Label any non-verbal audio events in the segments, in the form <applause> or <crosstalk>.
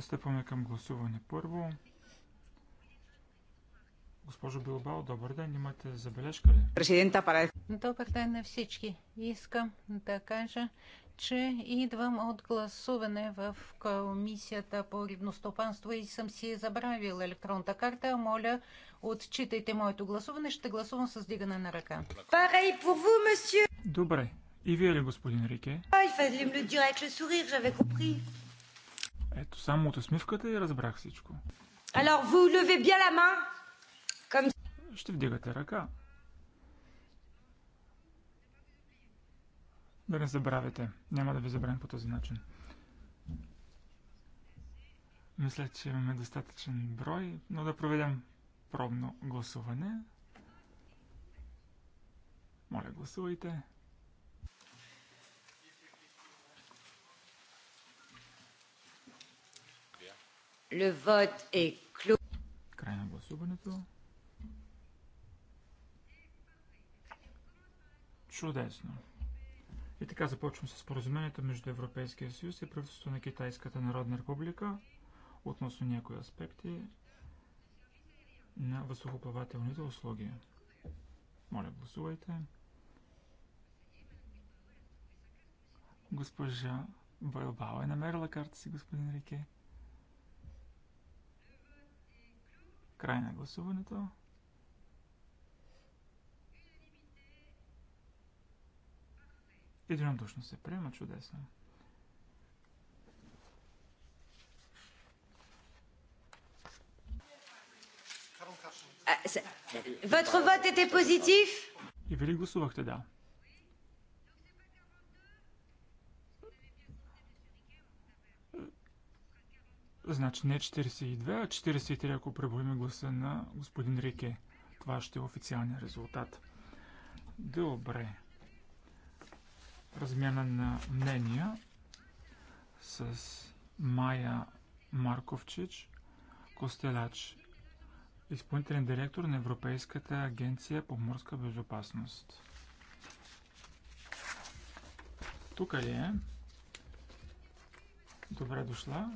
Пристъпваме към гласуване. Първо, госпожо Билбао, добър ден. Имате забележка ли? Президента Паре. Добър ден на всички. Искам да кажа, че идвам от гласуване в комисията по рибностопанство и съм си забравил електронната карта. Моля, отчитайте моето гласуване. Ще гласувам с дигане на ръка. Парей по ву, месье. Добре. И вие ли, господин Рике? Ай, фазлим me le dire сурир, le sourire, j'avais ето само от усмивката и разбрах всичко. Alors, vous levez bien la main, comme... Ще вдигате ръка. Да не забравяте. Няма да ви забравим по този начин. Мисля, че имаме достатъчен брой, но да проведем пробно гласуване. Моля, гласувайте. Le vote est clos. Край на гласуването. Чудесно. И така започвам с споразумението между Европейския съюз и правителството на Китайската народна република относно някои аспекти на въздухоплавателните услуги. Моля, гласувайте. Госпожа Бойлбао е намерила карта си, господин Рике. Край на гласуването. Единодушно се приема чудесно. Votre vote е positif? И вие гласувахте да? Значи не 42, а 43, ако преброим гласа на господин Рике. Това ще е официалният резултат. Добре. Размяна на мнения с Майя Марковчич, Костелач, изпълнителен директор на Европейската агенция по морска безопасност. Тук ли е? Добре дошла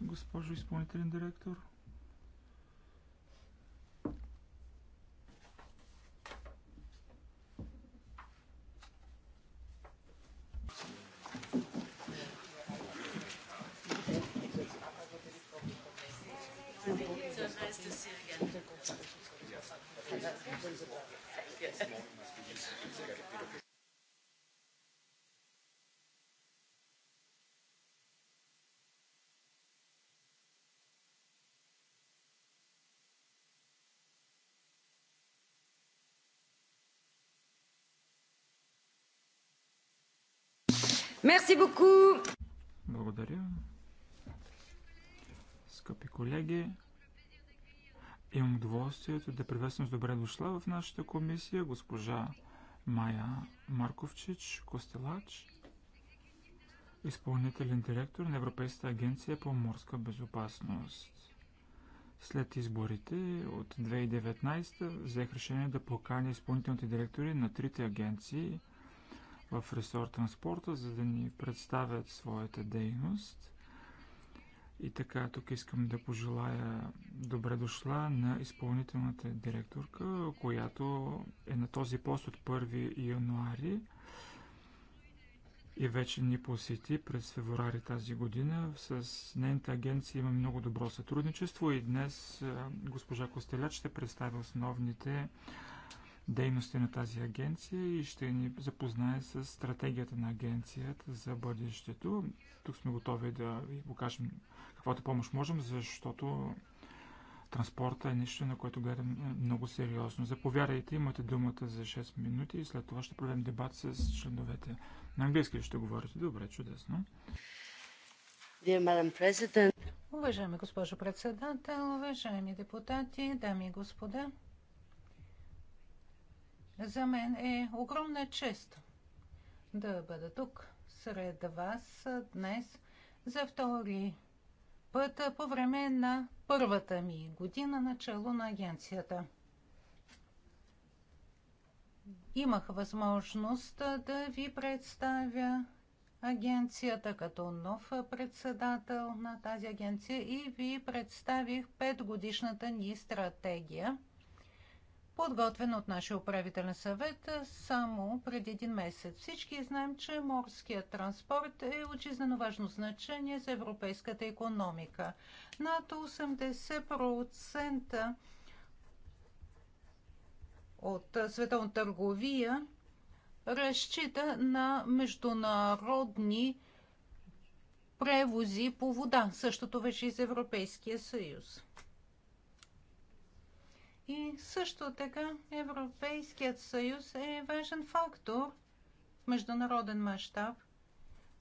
госпожо изпълнителен директор. Мерси боку! Благодаря. Скъпи колеги, имам удоволствието да приветствам с добре дошла в нашата комисия госпожа Майя Марковчич Костелач, изпълнителен директор на Европейската агенция по морска безопасност. След изборите от 2019 взех решение да поканя изпълнителните директори на трите агенции – в на спорта, за да ни представят своята дейност. И така, тук искам да пожелая добре дошла на изпълнителната директорка, която е на този пост от 1 януари и вече ни посети през феврари тази година. С нейната агенция има много добро сътрудничество и днес госпожа Костеля ще представи основните дейности на тази агенция и ще ни запознае с стратегията на агенцията за бъдещето. Тук сме готови да ви покажем каквото помощ можем, защото транспорта е нещо, на което гледам е, много сериозно. Заповядайте, имате думата за 6 минути и след това ще проведем дебат с членовете. На английски ще говорите? Добре, чудесно. Уважаеми госпожо председател, уважаеми депутати, дами и господа, за мен е огромна чест да бъда тук сред вас днес за втори път по време на първата ми година начало на агенцията. Имах възможност да ви представя агенцията като нов председател на тази агенция и ви представих петгодишната ни стратегия – подготвен от нашия управителен съвет само преди един месец. Всички знаем, че морският транспорт е от жизнено важно значение за европейската економика. Над 80% от световна търговия разчита на международни превози по вода. Същото беше и за Европейския съюз. И също така Европейският съюз е важен фактор в международен мащаб.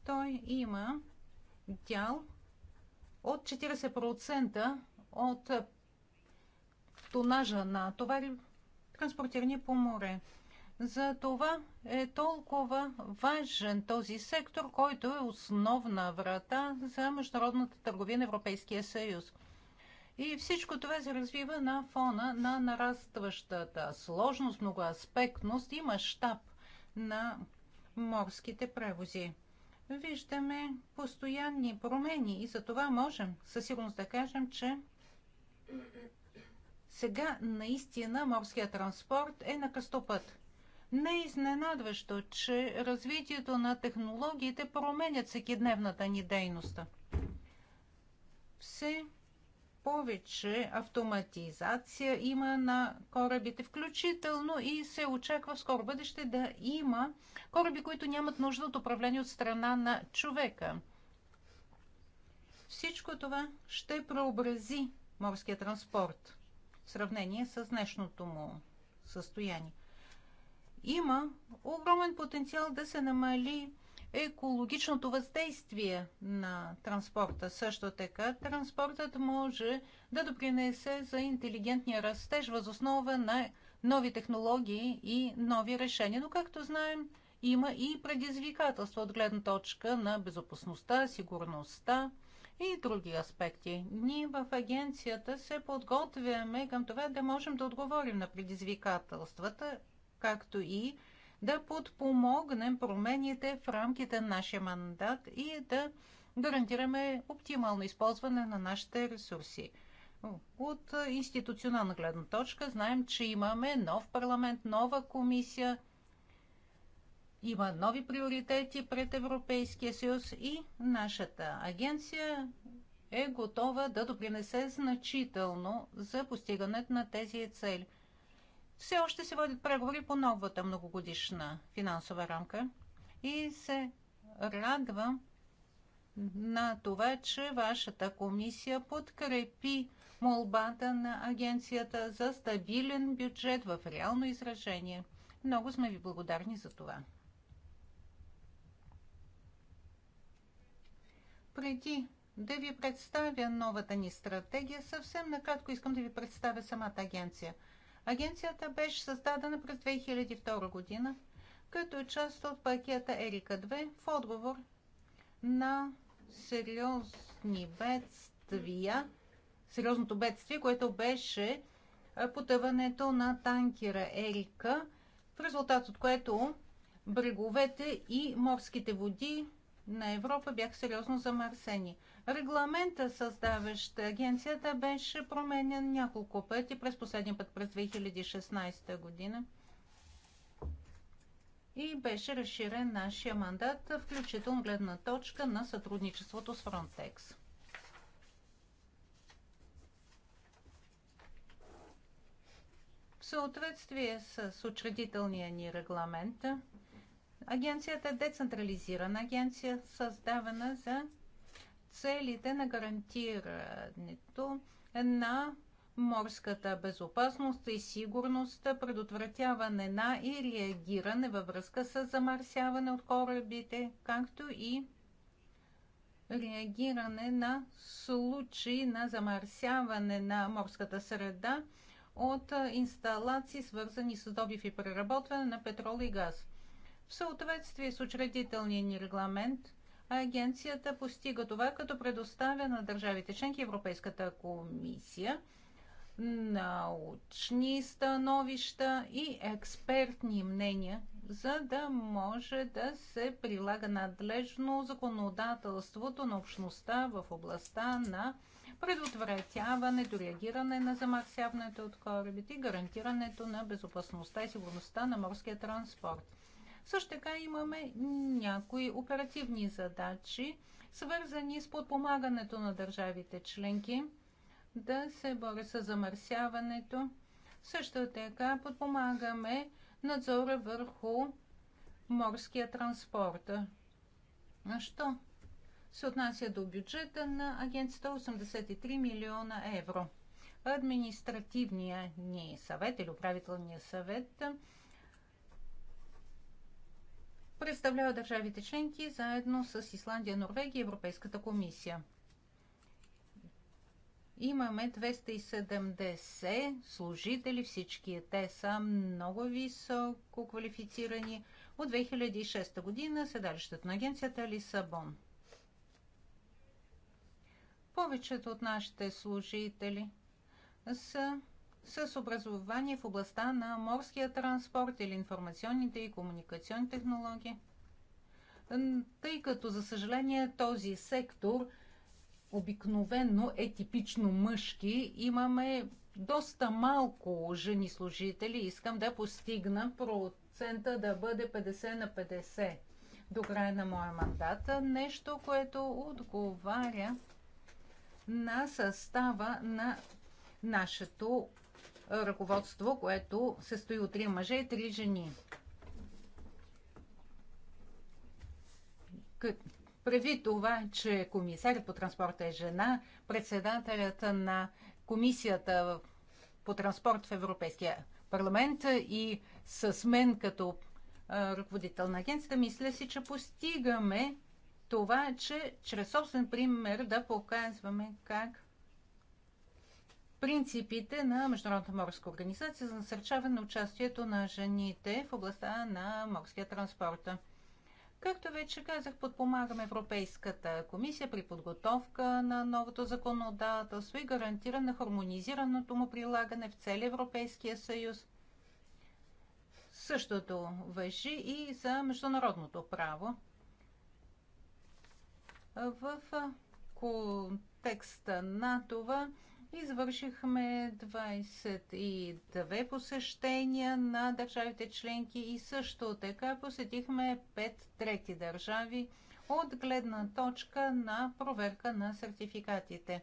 Той има дял от 40% от тонажа на товари, транспортирани по море. За това е толкова важен този сектор, който е основна врата за международната търговия на Европейския съюз. И всичко това се развива на фона на нарастващата сложност, многоаспектност и мащаб на морските превози. Виждаме постоянни промени и за това можем със сигурност да кажем, че сега наистина морският транспорт е на кръстопът. Не е изненадващо, че развитието на технологиите променят всекидневната ни дейност. Все повече автоматизация има на корабите, включително и се очаква в скоро бъдеще да има кораби, които нямат нужда от управление от страна на човека. Всичко това ще преобрази морския транспорт в сравнение с днешното му състояние. Има огромен потенциал да се намали екологичното въздействие на транспорта. Също така, транспортът може да допринесе за интелигентния растеж възоснова на нови технологии и нови решения. Но, както знаем, има и предизвикателства от гледна точка на безопасността, сигурността и други аспекти. Ние в агенцията се подготвяме към това да можем да отговорим на предизвикателствата, както и да подпомогнем промените в рамките на нашия мандат и да гарантираме оптимално използване на нашите ресурси. От институционална гледна точка знаем, че имаме нов парламент, нова комисия, има нови приоритети пред Европейския съюз и нашата агенция е готова да допринесе значително за постигането на тези цели все още се водят преговори по новата многогодишна финансова рамка и се радвам на това, че вашата комисия подкрепи молбата на Агенцията за стабилен бюджет в реално изражение. Много сме ви благодарни за това. Преди да ви представя новата ни стратегия, съвсем накратко искам да ви представя самата агенция – Агенцията беше създадена през 2002 година като е част от пакета Ерика 2 в отговор на сериозни бедствия, сериозното бедствие, което беше потъването на танкера Ерика, в резултат от което бреговете и морските води на Европа бяха сериозно замърсени. Регламента, създаващ агенцията, беше променен няколко пъти през последния път през 2016 година и беше разширен нашия мандат, включително гледна точка на сътрудничеството с Frontex. В съответствие с учредителния ни регламент, агенцията е децентрализирана агенция, създавана за целите на гарантирането на морската безопасност и сигурност, предотвратяване на и реагиране във връзка с замърсяване от корабите, както и реагиране на случаи на замърсяване на морската среда от инсталации, свързани с добив и преработване на петрол и газ. В съответствие с учредителния ни регламент, агенцията постига това, като предоставя на държавите членки Европейската комисия научни становища и експертни мнения, за да може да се прилага надлежно законодателството на общността в областта на предотвратяването, реагиране на замърсяването от корабите и гарантирането на безопасността и сигурността на морския транспорт. Също така имаме някои оперативни задачи, свързани с подпомагането на държавите членки да се боря с замърсяването. Също така подпомагаме надзора върху морския транспорт. На що? Се отнася до бюджета на агенцията 83 милиона евро. Административния ни съвет или управителния съвет представлява държавите членки заедно с Исландия, Норвегия и Европейската комисия. Имаме 270 служители, всички те са много високо квалифицирани. От 2006 година седалището на агенцията е Лисабон. Повечето от нашите служители са с образование в областта на морския транспорт или информационните и комуникационни технологии. Тъй като, за съжаление, този сектор обикновенно е типично мъжки, имаме доста малко жени служители. Искам да постигна процента да бъде 50 на 50 до края на моя мандат. Нещо, което отговаря на състава на нашето ръководство, което се стои от три мъже и три жени. Преди това, че комисарят по транспорта е жена, председателят на комисията по транспорт в Европейския парламент и с мен като ръководител на агенцията, мисля си, че постигаме това, че чрез собствен пример да показваме как принципите на Международната морска организация за насърчаване на участието на жените в областта на морския транспорт. Както вече казах, подпомагаме Европейската комисия при подготовка на новото законодателство и гарантиране на хармонизираното му прилагане в целия Европейския съюз. Същото въжи и за международното право. В контекста на това Извършихме 22 посещения на държавите членки и също така посетихме 5 трети държави от гледна точка на проверка на сертификатите.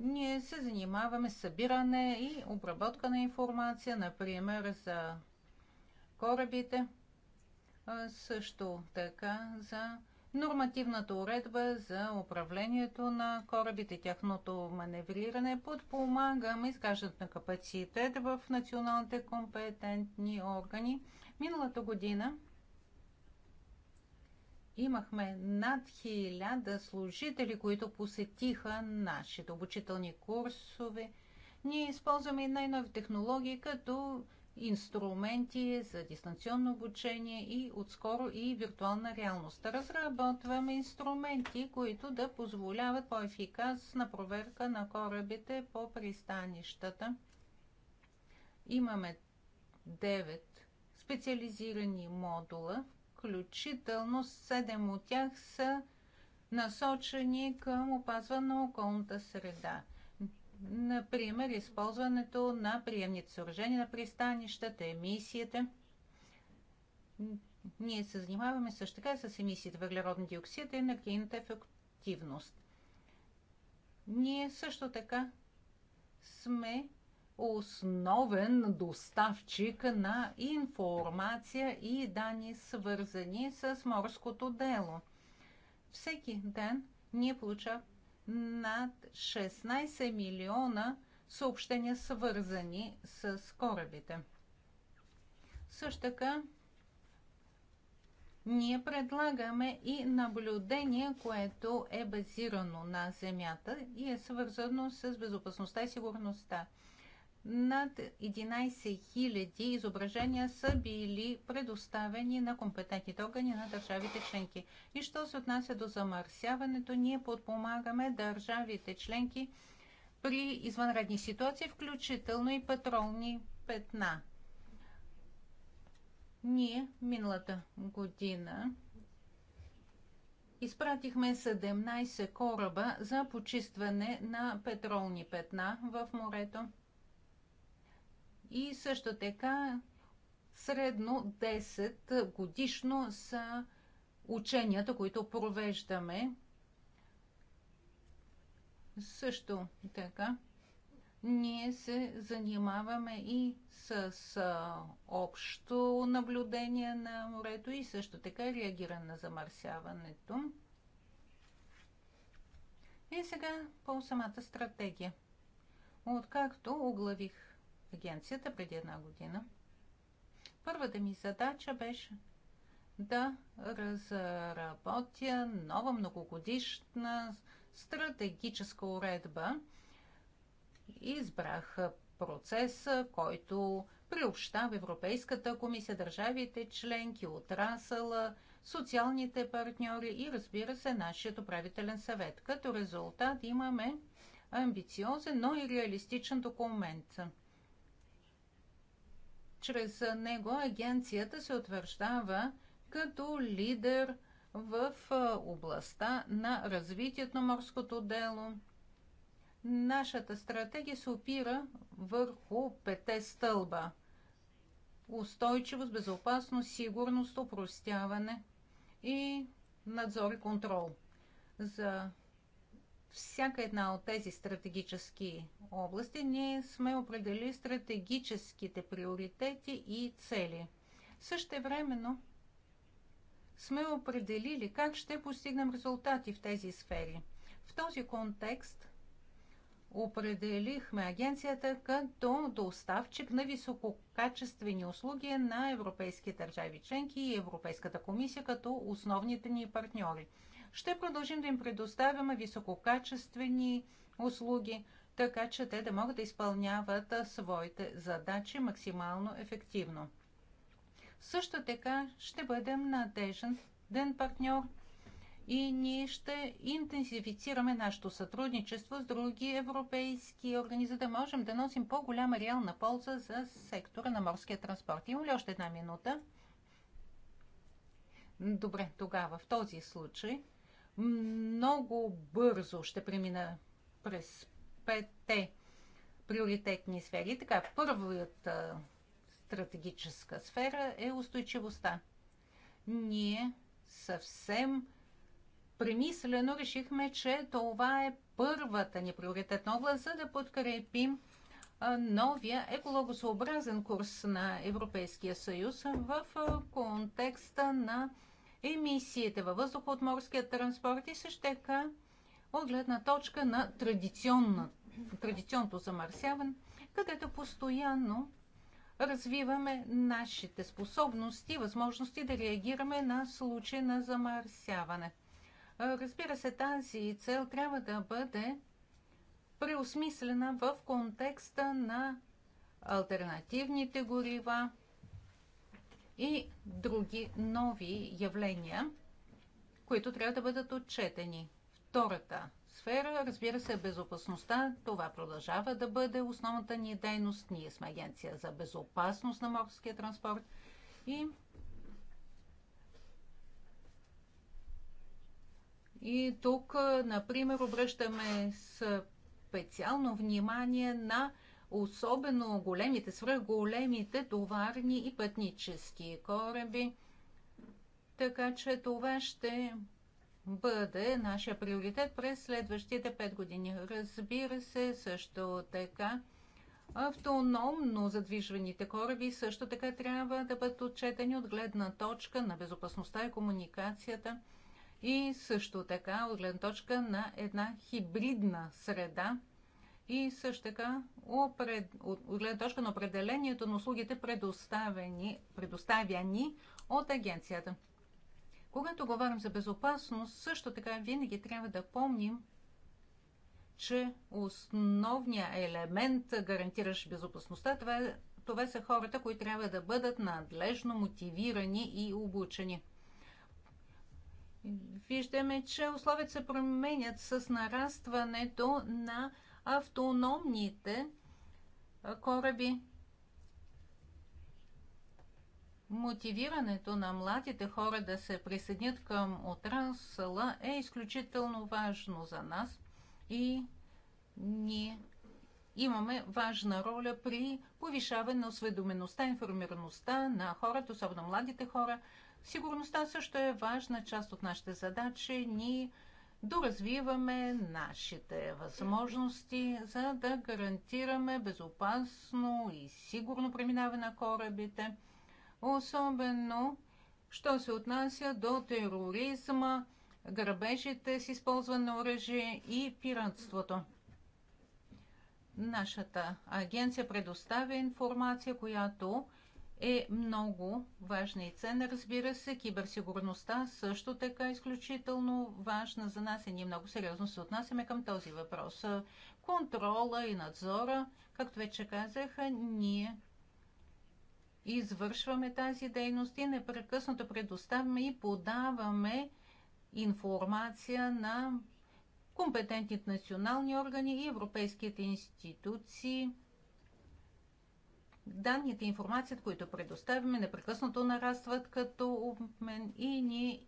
Ние се занимаваме с събиране и обработка на информация, например за корабите, също така за Нормативната уредба за управлението на корабите и тяхното маневриране подпомагаме изграждането на капацитет в националните компетентни органи. Миналата година имахме над хиляда служители, които посетиха нашите обучителни курсове. Ние използваме най-нови технологии, като инструменти за дистанционно обучение и отскоро и виртуална реалност. Разработваме инструменти, които да позволяват по-ефикасна проверка на корабите по пристанищата. Имаме 9 специализирани модула, включително 7 от тях са насочени към опазване на околната среда – Например, използването на приемните съоръжения на пристанищата, емисията. Ние се занимаваме също така с емисията въглероден диоксид и енергийната ефективност. Ние също така сме основен доставчик на информация и данни, свързани с морското дело. Всеки ден ние получаваме над 16 милиона съобщения, свързани с корабите. Също така, ние предлагаме и наблюдение, което е базирано на Земята и е свързано с безопасността и сигурността над 11 000 изображения са били предоставени на компетентните органи на държавите членки. И що се отнася до замърсяването, ние подпомагаме държавите членки при извънредни ситуации, включително и патролни петна. Ние миналата година изпратихме 17 кораба за почистване на петролни петна в морето и също така средно 10 годишно са ученията, които провеждаме. Също така ние се занимаваме и с общо наблюдение на морето и също така реагиране на замърсяването. И сега по самата стратегия. Откакто оглавих агенцията преди една година, първата ми задача беше да разработя нова многогодишна стратегическа уредба. Избрах процеса, който приобщава Европейската комисия, държавите членки, отрасъла, социалните партньори и разбира се нашият управителен съвет. Като резултат имаме амбициозен, но и реалистичен документ – чрез него агенцията се утвърждава като лидер в областта на развитието на морското дело. Нашата стратегия се опира върху пете стълба устойчивост, безопасност, сигурност, упростяване и надзор и контрол. За всяка една от тези стратегически области ние сме определили стратегическите приоритети и цели. Също времено сме определили как ще постигнем резултати в тези сфери. В този контекст определихме агенцията като доставчик на висококачествени услуги на европейски държави членки и Европейската комисия като основните ни партньори – ще продължим да им предоставяме висококачествени услуги, така че те да могат да изпълняват своите задачи максимално ефективно. Също така ще бъдем надежен ден партньор и ние ще интенсифицираме нашето сътрудничество с други европейски органи, за да можем да носим по-голяма реална полза за сектора на морския транспорт. Има ли още една минута? Добре, тогава в този случай много бързо ще премина през петте приоритетни сфери. Така, първата стратегическа сфера е устойчивостта. Ние съвсем премислено решихме, че това е първата ни приоритетна област, за да подкрепим новия екологосъобразен курс на Европейския съюз в контекста на емисиите във въздуха от морския транспорт и също така от гледна точка на традиционното замърсяване, където постоянно развиваме нашите способности, възможности да реагираме на случай на замърсяване. Разбира се, тази цел трябва да бъде преосмислена в контекста на альтернативните горива, и други нови явления, които трябва да бъдат отчетени. Втората сфера, разбира се, е безопасността. Това продължава да бъде основната ни дейност. Ние сме агенция за безопасност на морския транспорт и И тук, например, обръщаме специално внимание на особено големите, свръхголемите товарни и пътнически кораби. Така че това ще бъде нашия приоритет през следващите 5 години. Разбира се, също така автономно задвижваните кораби също така трябва да бъдат отчетени от гледна точка на безопасността и комуникацията и също така от гледна точка на една хибридна среда, и също така опред, от гледна точка на определението на услугите, предоставени, предоставяни от агенцията. Когато говорим за безопасност, също така винаги трябва да помним, че основният елемент, гарантиращ безопасността, това, е, това са хората, които трябва да бъдат надлежно мотивирани и обучени. Виждаме, че условията се променят с нарастването на автономните кораби. Мотивирането на младите хора да се присъединят към отрасъла е изключително важно за нас и ние имаме важна роля при повишаване на осведомеността, информираността на хората, особено младите хора. Сигурността също е важна част от нашите задачи. Ние доразвиваме нашите възможности, за да гарантираме безопасно и сигурно преминаване на корабите, особено що се отнася до тероризма, грабежите с използване на оръжие и пиратството. Нашата агенция предоставя информация, която е много важна и ценна. Разбира се, киберсигурността също така е изключително важна за нас и ние много сериозно се отнасяме към този въпрос. Контрола и надзора, както вече казах, ние извършваме тази дейност и непрекъснато предоставяме и подаваме информация на компетентните национални органи и европейските институции – данните и информацията, които предоставяме, непрекъснато нарастват като обмен и ни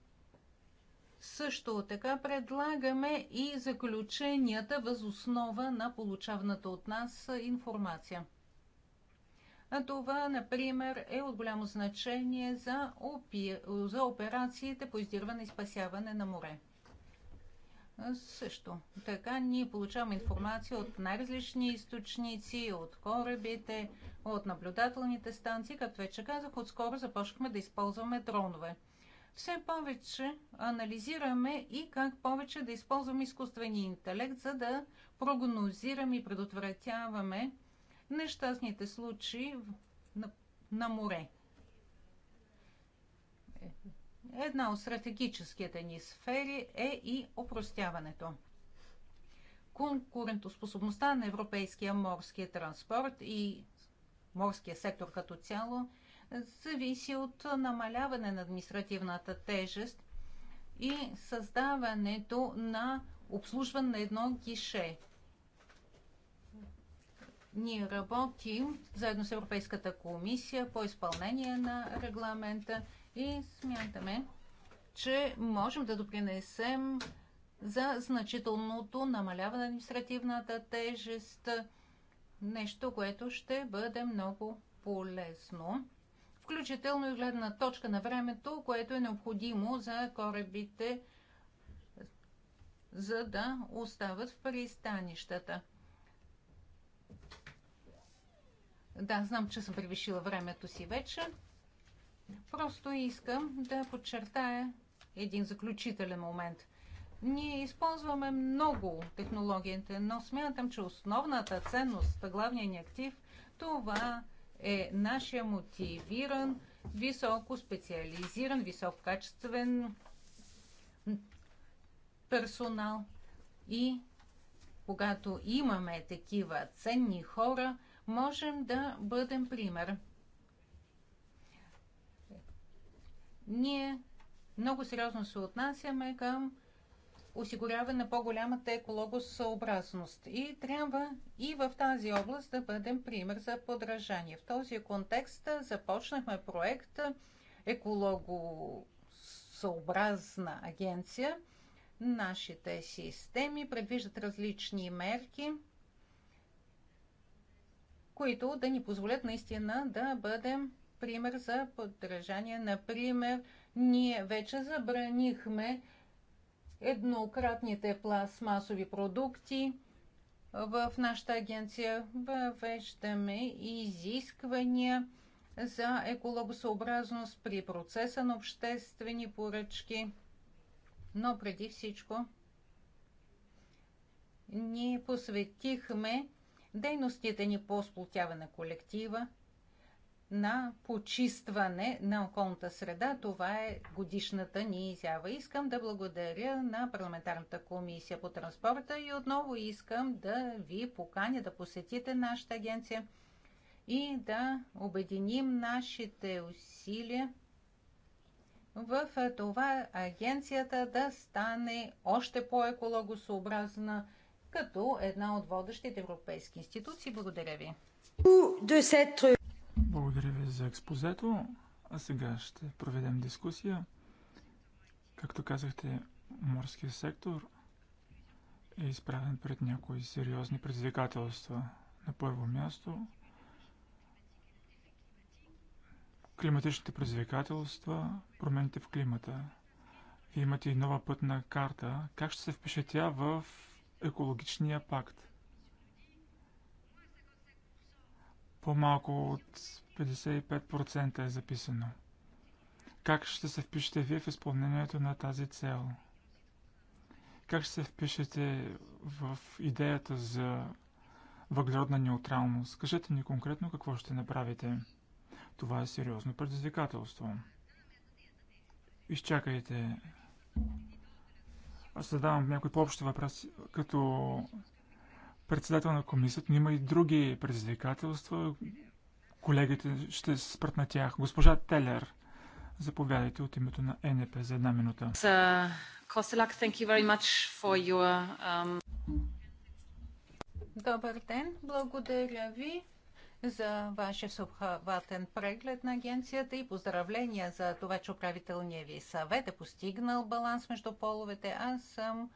също така предлагаме и заключенията възоснова на получаваната от нас информация. А това, например, е от голямо значение за, опи... за операциите по издирване и спасяване на море. Също така ние получаваме информация от най-различни източници, от корабите, от наблюдателните станции, както вече казах, отскоро започнахме да използваме дронове. Все повече анализираме и как повече да използваме изкуствения интелект, за да прогнозираме и предотвратяваме нещастните случаи на, на море. Една от стратегическите ни сфери е и опростяването. Конкурентоспособността на европейския морски транспорт и морския сектор като цяло зависи от намаляване на административната тежест и създаването на обслужване на едно гише. Ние работим заедно с Европейската комисия по изпълнение на регламента и смятаме, че можем да допринесем за значителното намаляване на административната тежест, нещо, което ще бъде много полезно, включително и гледна точка на времето, което е необходимо за корабите, за да остават в пристанищата. Да, знам, че съм превишила времето си вече. Просто искам да подчертая един заключителен момент. Ние използваме много технологиите, но смятам, че основната ценност, главният ни актив, това е нашия мотивиран, високо специализиран, висококачествен персонал. И когато имаме такива ценни хора, можем да бъдем пример – Ние много сериозно се отнасяме към осигуряване на по-голямата екологосъобразност. И трябва и в тази област да бъдем пример за подражание. В този контекст започнахме проект екологосъобразна агенция. Нашите системи предвиждат различни мерки, които да ни позволят наистина да бъдем пример за поддържание, Например, ние вече забранихме еднократните пластмасови продукти. В нашата агенция въвеждаме изисквания за екологосъобразност при процеса на обществени поръчки. Но преди всичко ние посветихме дейностите ни по сплотяване на колектива, на почистване на околната среда. Това е годишната ни изява. Искам да благодаря на парламентарната комисия по транспорта и отново искам да ви поканя да посетите нашата агенция и да обединим нашите усилия в това агенцията да стане още по-екологосообразна като една от водещите европейски институции. Благодаря ви. Благодаря ви за експозето. А сега ще проведем дискусия. Както казахте, морския сектор е изправен пред някои сериозни предизвикателства. На първо място климатичните предизвикателства, промените в климата. Вие имате и нова пътна карта. Как ще се впишете тя в екологичния пакт? по-малко от 55% е записано. Как ще се впишете вие в изпълнението на тази цел? Как ще се впишете в идеята за въглеродна неутралност? Кажете ни конкретно какво ще направите. Това е сериозно предизвикателство. Изчакайте. Аз задавам някои по-общи въпроси, като председател на комисията, но има и други предизвикателства. Колегите ще спрат на тях. Госпожа Телер, заповядайте от името на НП за една минута. Добър ден, благодаря ви за вашия съобхватен преглед на агенцията и поздравления за това, че управителният ви съвет е постигнал баланс между половете. Аз съм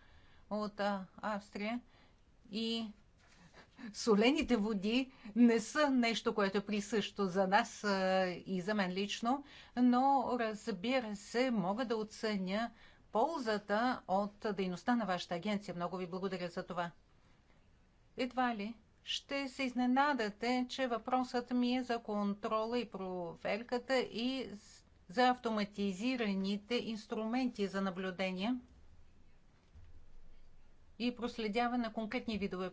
от Австрия и солените води не са нещо, което е присъщо за нас и за мен лично, но разбира се, мога да оценя ползата от дейността на вашата агенция. Много ви благодаря за това. Едва ли ще се изненадате, че въпросът ми е за контрола и проверката и за автоматизираните инструменти за наблюдение и проследяване на конкретни видове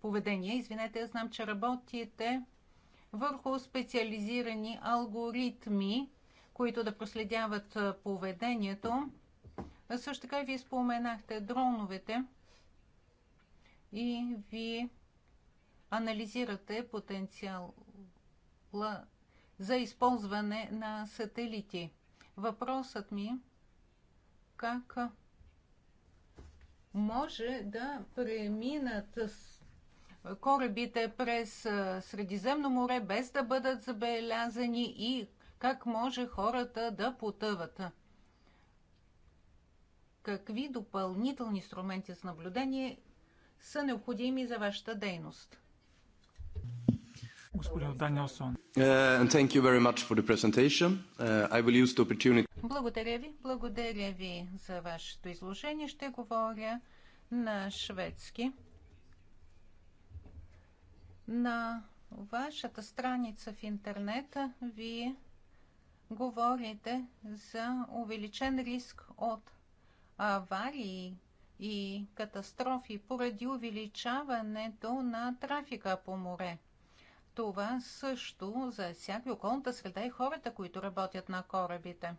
поведение. Извинете, знам, че работите върху специализирани алгоритми, които да проследяват поведението. Също така ви споменахте дроновете и ви анализирате потенциал за използване на сателити. Въпросът ми е как може да преминат корабите през Средиземно море, без да бъдат забелязани и как може хората да потъват. Какви допълнителни инструменти за наблюдение са необходими за вашата дейност? господин Данилсон. Е, е, Благодаря ви. Благодаря ви за вашето изложение. Ще говоря на шведски. На вашата страница в интернета вие говорите за увеличен риск от аварии и катастрофи поради увеличаването на трафика по море това също засяга околната среда и хората, които работят на корабите.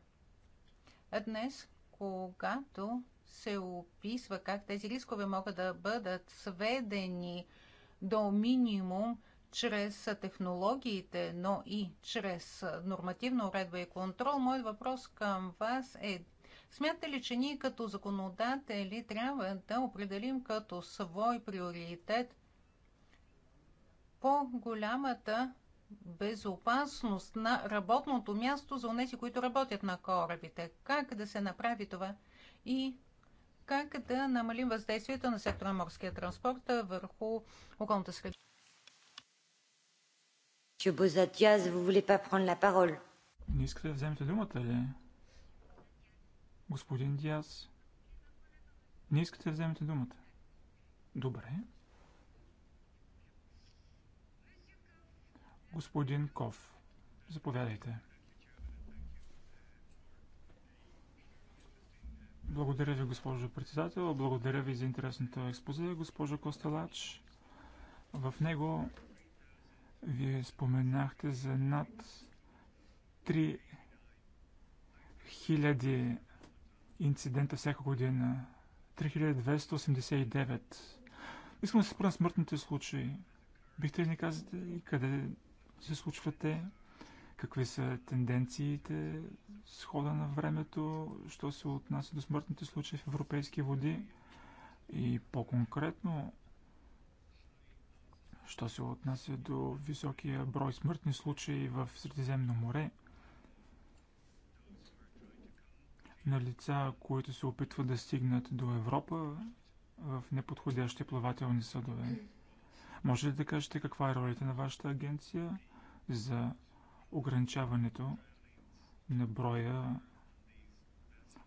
Днес, когато се описва как тези рискове могат да бъдат сведени до минимум чрез технологиите, но и чрез нормативна уредба и контрол, моят въпрос към вас е Смятате ли, че ние като законодатели трябва да определим като свой приоритет по-голямата безопасност на работното място за тези, които работят на корабите. Как да се направи това и как да намалим въздействието на сектора морския транспорт върху околната среда. Не искате да вземете думата ли? Господин Диаз, не искате да вземете думата? Добре. Господин Ков, заповядайте. Благодаря ви, госпожо председател. Благодаря ви за интересната експозиция, госпожо Костелач. В него вие споменахте за над 3000 инцидента всяка година. 3289. Искам да се спра на смъртните случаи. Бихте ли ни казали къде се случвате, те, какви са тенденциите с хода на времето, що се отнася до смъртните случаи в европейски води и по-конкретно, що се отнася до високия брой смъртни случаи в Средиземно море, на лица, които се опитват да стигнат до Европа в неподходящи плавателни съдове. Може ли да кажете каква е ролята на вашата агенция за ограничаването на броя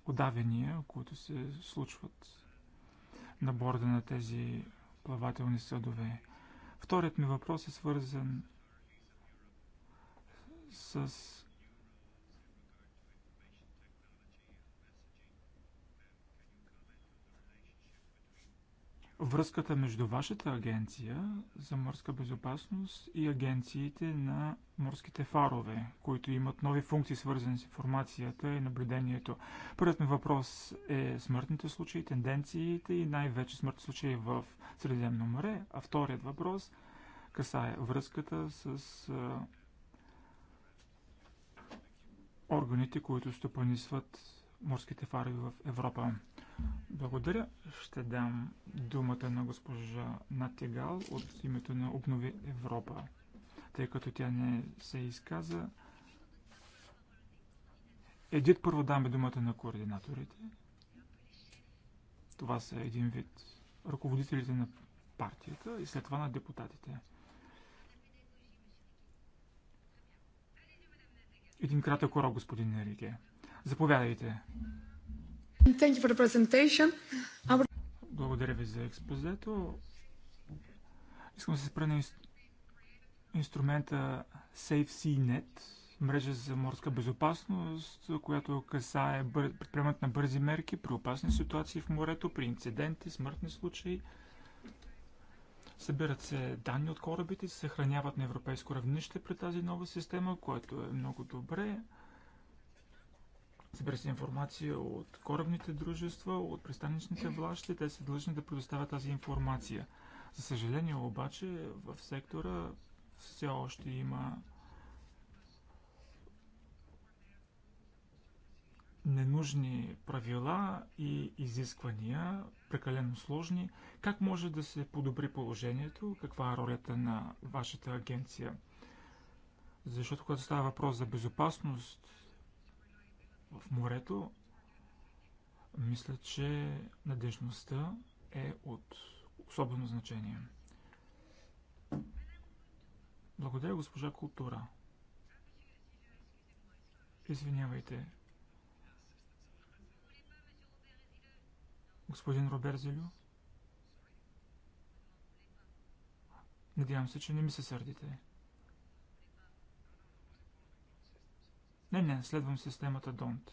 удавения, които се случват на борда на тези плавателни съдове. Вторият ми въпрос е свързан с връзката между вашата агенция за морска безопасност и агенциите на морските фарове, които имат нови функции, свързани с информацията и наблюдението. Първият ми въпрос е смъртните случаи, тенденциите и най-вече смъртни случаи в Средиземно море, а вторият въпрос касае връзката с а, органите, които стопанисват морските фарове в Европа. Благодаря. Ще дам думата на госпожа Натигал от името на Обнови Европа, тъй като тя не се изказа. Едит първо даме думата на координаторите. Това са един вид ръководителите на партията и след това на депутатите. Един кратък урок, господин Нерике. Заповядайте. Заповядайте. Благодаря ви за експозето. Искам да се спра на инструмента SafeSeaNet, мрежа за морска безопасност, която касае предприемат на бързи мерки при опасни ситуации в морето, при инциденти, смъртни случаи. Събират се данни от корабите, се съхраняват на европейско равнище при тази нова система, което е много добре. Събира се информация от корабните дружества, от пристаничните власти. Те са длъжни да предоставят тази информация. За съжаление обаче в сектора все още има ненужни правила и изисквания, прекалено сложни. Как може да се подобри положението? Каква е ролята на вашата агенция? Защото когато става въпрос за безопасност в морето, мисля, че надежността е от особено значение. Благодаря, госпожа Култура. Извинявайте. Господин Робер Зелю? Надявам се, че не ми се сърдите. Не, не, следвам системата Донт.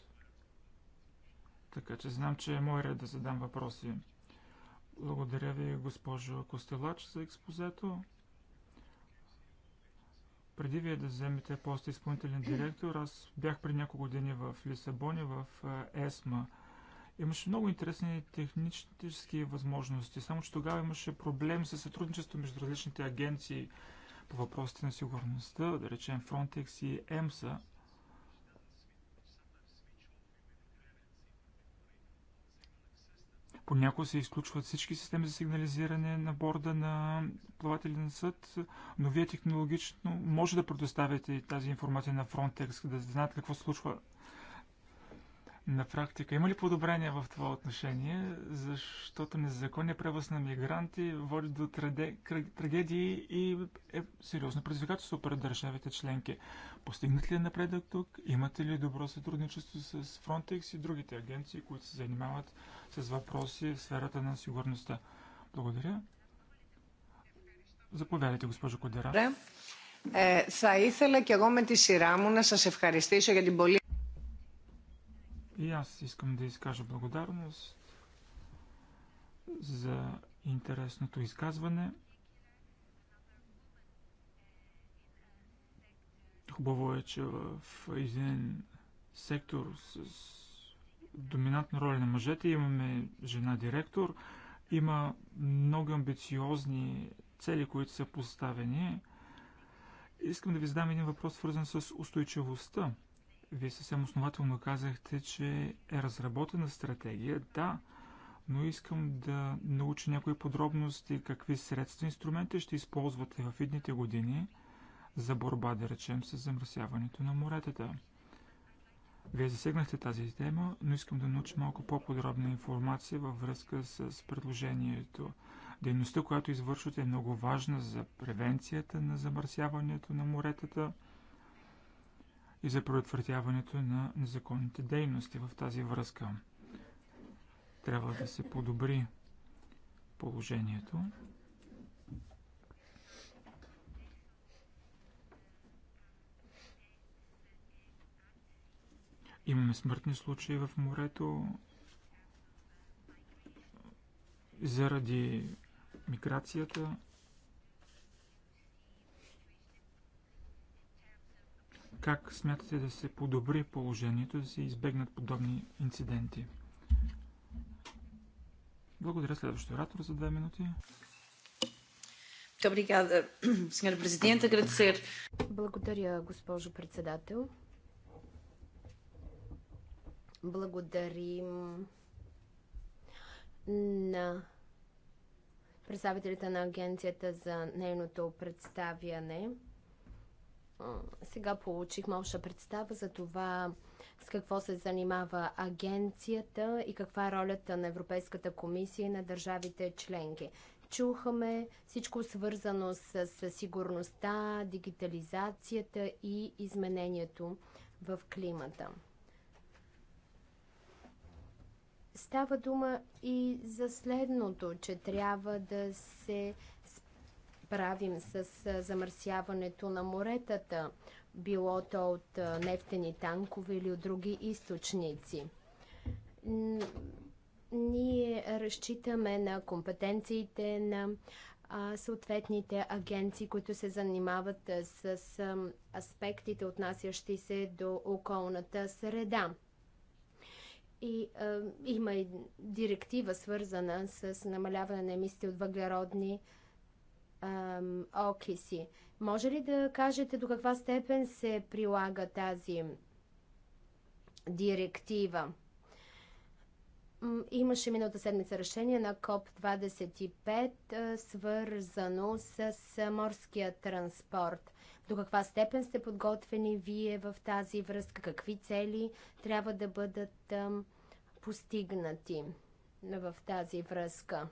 Така че знам, че е мой ред да задам въпроси. Благодаря ви, госпожо Костелач, за експозето. Преди вие да вземете поста изпълнителен директор, аз бях при няколко години в Лисабон и в ЕСМА. Имаше много интересни технически възможности, само че тогава имаше проблем с сътрудничество между различните агенции по въпросите на сигурността, да речем Frontex и EMSA – Понякога се изключват всички системи за сигнализиране на борда на плавателен съд, но вие технологично може да предоставяте тази информация на Frontex, да знаят какво се случва на практика има ли подобрение в това отношение, защото незаконния превоз на мигранти води до трагедии и е сериозно предизвикателство пред държавите членки. Постигнат ли е напредък тук? Имате ли добро сътрудничество с Frontex и другите агенции, които се занимават с въпроси в сферата на сигурността? Благодаря. Заповядайте, госпожо Кодера. Е, са, ήθελα και εγώ με τη σειρά μου να σας ευχαριστήσω για την πολύ и аз искам да изкажа благодарност за интересното изказване. Хубаво е, че в един сектор с доминантна роля на мъжете имаме жена директор. Има много амбициозни цели, които са поставени. Искам да ви задам един въпрос, свързан с устойчивостта вие съвсем основателно казахте, че е разработена стратегия. Да, но искам да науча някои подробности, какви средства и инструменти ще използвате в идните години за борба, да речем, с замърсяването на моретата. Вие засегнахте тази тема, но искам да науча малко по-подробна информация във връзка с предложението. Дейността, която извършвате е много важна за превенцията на замърсяването на моретата – и за предотвратяването на незаконните дейности в тази връзка. Трябва да се подобри положението. Имаме смъртни случаи в морето заради миграцията. Как смятате да се подобри положението, да се избегнат подобни инциденти? Благодаря следващия оратор за две минути. Благодаря, госпожо председател. Благодарим на представителите на агенцията за нейното представяне сега получих малша представа за това с какво се занимава агенцията и каква е ролята на Европейската комисия и на държавите членки. Чухаме всичко свързано с, с сигурността, дигитализацията и изменението в климата. Става дума и за следното, че трябва да се правим с замърсяването на моретата, било то от нефтени танкове или от други източници. Ние разчитаме на компетенциите на съответните агенции, които се занимават с аспектите, отнасящи се до околната среда. И а, има и директива, свързана с намаляване на емисиите от въглеродни окиси. Може ли да кажете до каква степен се прилага тази директива? Имаше миналата седмица решение на КОП-25, свързано с морския транспорт. До каква степен сте подготвени вие в тази връзка? Какви цели трябва да бъдат постигнати в тази връзка?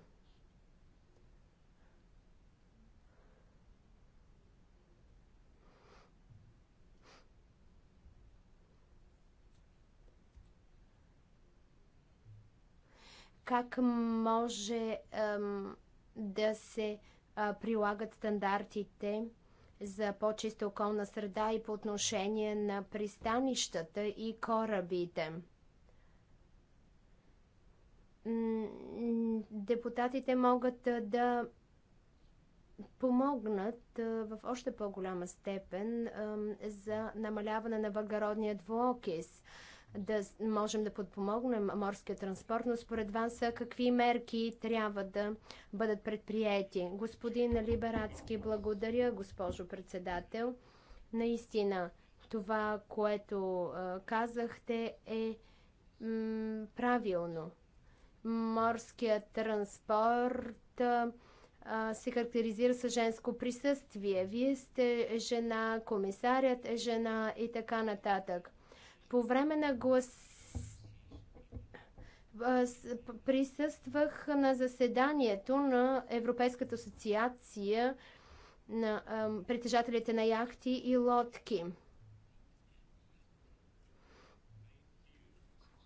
как може ем, да се а, прилагат стандартите за по-чиста околна среда и по отношение на пристанищата и корабите. Депутатите могат да помогнат в още по-голяма степен за намаляване на въглеродния двуокис – да можем да подпомогнем морския транспорт, но според вас какви мерки трябва да бъдат предприяти? Господин Либерацки, благодаря, госпожо председател. Наистина, това, което казахте е правилно. Морският транспорт се характеризира с женско присъствие. Вие сте жена, комисарят е жена и така нататък. По време на глас присъствах на заседанието на Европейската асоциация на притежателите на яхти и лодки.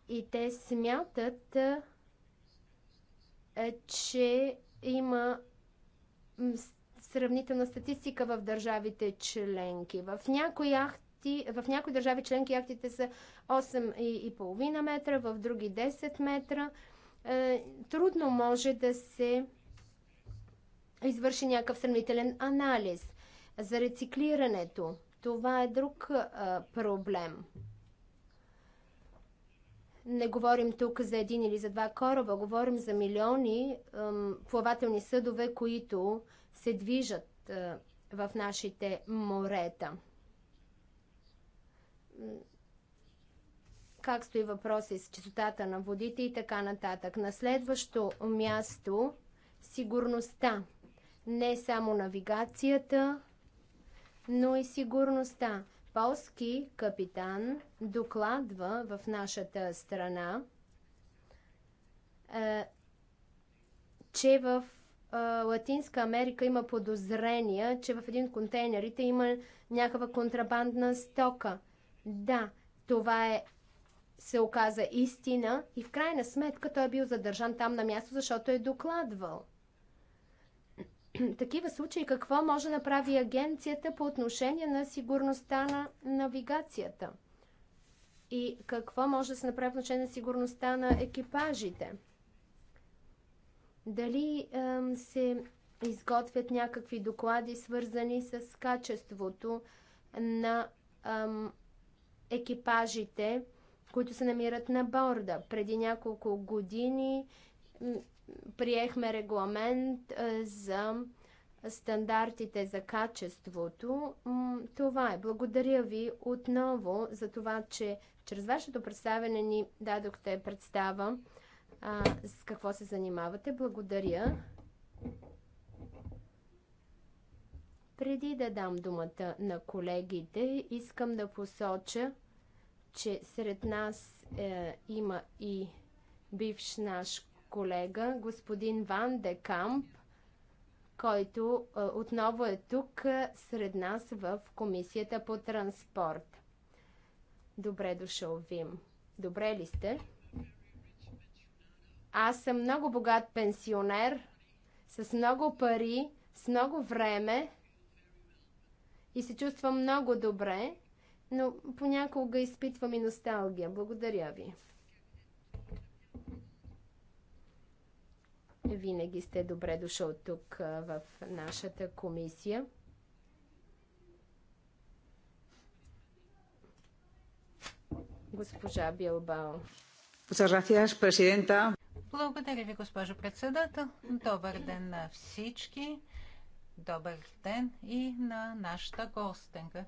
И те смятат, че има сравнителна статистика в държавите членки. В някои яхти акти, в някои държави членки актите са 8,5 метра, в други 10 метра. Е, трудно може да се извърши някакъв сравнителен анализ за рециклирането. Това е друг е, проблем. Не говорим тук за един или за два кораба, говорим за милиони ем, плавателни съдове, които се движат е, в нашите морета как стои въпроси с чистотата на водите и така нататък. На следващо място сигурността. Не само навигацията, но и сигурността. Полски капитан докладва в нашата страна, е, че в е, Латинска Америка има подозрения, че в един от контейнерите има някаква контрабандна стока – да, това е се оказа истина и в крайна сметка той е бил задържан там на място, защото е докладвал. Такива случаи какво може да направи агенцията по отношение на сигурността на навигацията? И какво може да се направи в отношение на сигурността на екипажите? Дали е, се изготвят някакви доклади, свързани с качеството на екипажите, които се намират на борда. Преди няколко години приехме регламент за стандартите за качеството. Това е. Благодаря ви отново за това, че чрез вашето представяне ни дадохте представа а, с какво се занимавате. Благодаря. Преди да дам думата на колегите, искам да посоча, че сред нас е, има и бивш наш колега, господин Ван де Камп, който е, отново е тук е, сред нас в Комисията по транспорт. Добре дошъл, Вим. Добре ли сте? Аз съм много богат пенсионер, с много пари, с много време и се чувствам много добре, но понякога изпитвам и носталгия. Благодаря ви. Винаги сте добре дошъл тук в нашата комисия. Госпожа Билбао. Благодаря ви, госпожо председател. Добър ден на всички добър ден и на нашата гостенка.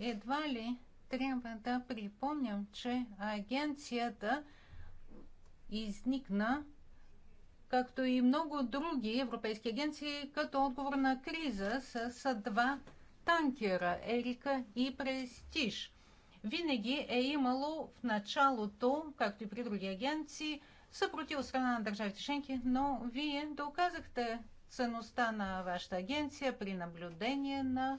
Едва ли трябва да припомням, че агенцията изникна, както и много други европейски агенции, като отговор на криза с, два танкера Ерика и Престиж. Винаги е имало в началото, както и при други агенции, съпротив страна на държавите членки, но вие доказахте ценността на вашата агенция при наблюдение на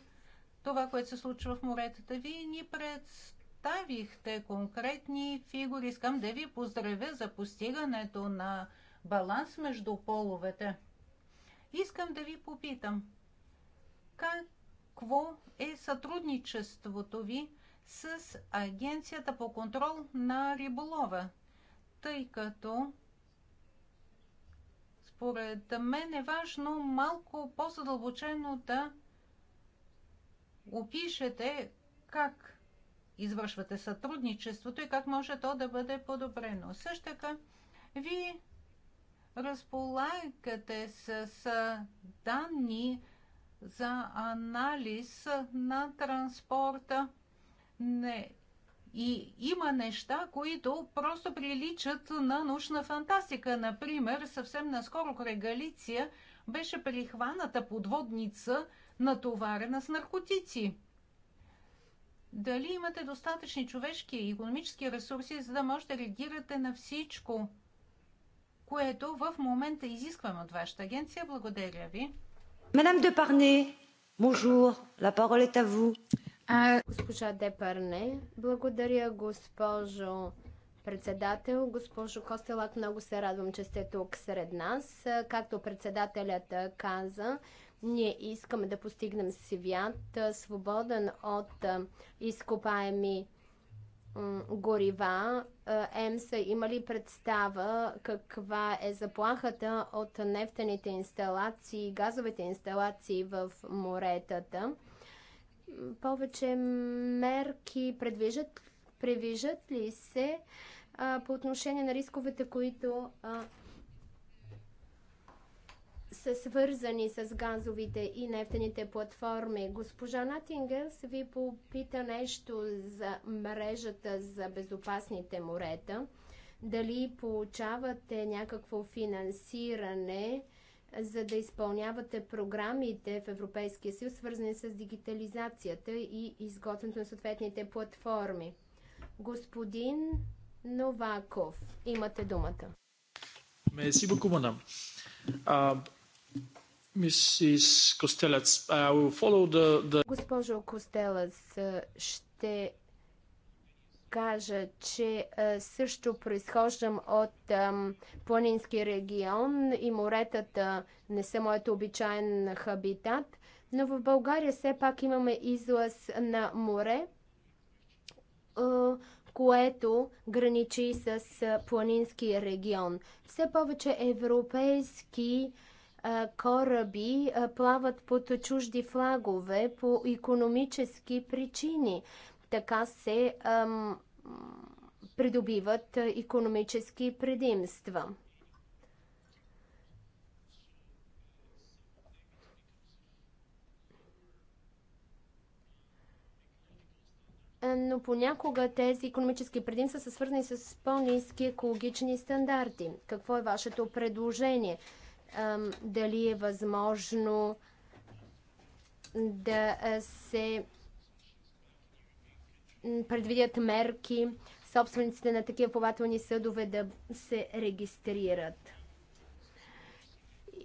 това, което се случва в моретата. Вие ни представихте конкретни фигури. Искам да ви поздравя за постигането на баланс между половете. Искам да ви попитам, какво е сътрудничеството ви с Агенцията по контрол на риболова, тъй като според мен е важно малко по-задълбочено да опишете как извършвате сътрудничеството и как може то да бъде подобрено. Също така, ви разполагате с данни за анализ на транспорта. Не и има неща, които просто приличат на научна фантастика. Например, съвсем наскоро край Галиция беше прихваната подводница, натоварена с наркотици. Дали имате достатъчни човешки и економически ресурси, за да можете да реагирате на всичко, което в момента изискваме от вашата агенция? Благодаря ви. Мадам Депарне, bonjour, la parole est à vous. А... Госпожа Депарне, благодаря госпожо председател. Госпожо Костелак, много се радвам, че сте тук сред нас. Както председателят каза, ние искаме да постигнем свят свободен от изкопаеми горива. Емса, има ли представа каква е заплахата от нефтените инсталации газовите инсталации в моретата повече мерки предвижат, превижат ли се а, по отношение на рисковете, които а, са свързани с газовите и нефтените платформи. Госпожа се ви попита нещо за мрежата за безопасните морета. Дали получавате някакво финансиране за да изпълнявате програмите в Европейския съюз, свързани с дигитализацията и изготвянето на съответните платформи. Господин Новаков, имате думата. Меси Бакумана. Костелец, I will follow the, the... Госпожо Костелец, ще кажа, че също произхождам от планински регион и моретата не са моят обичайен хабитат, но в България все пак имаме излъз на море, което граничи с планински регион. Все повече европейски кораби плават под чужди флагове по економически причини – така се ам, придобиват економически предимства. но понякога тези економически предимства са свързани с по-низки екологични стандарти. Какво е вашето предложение? Дали е възможно да се предвидят мерки собствениците на такива плавателни съдове да се регистрират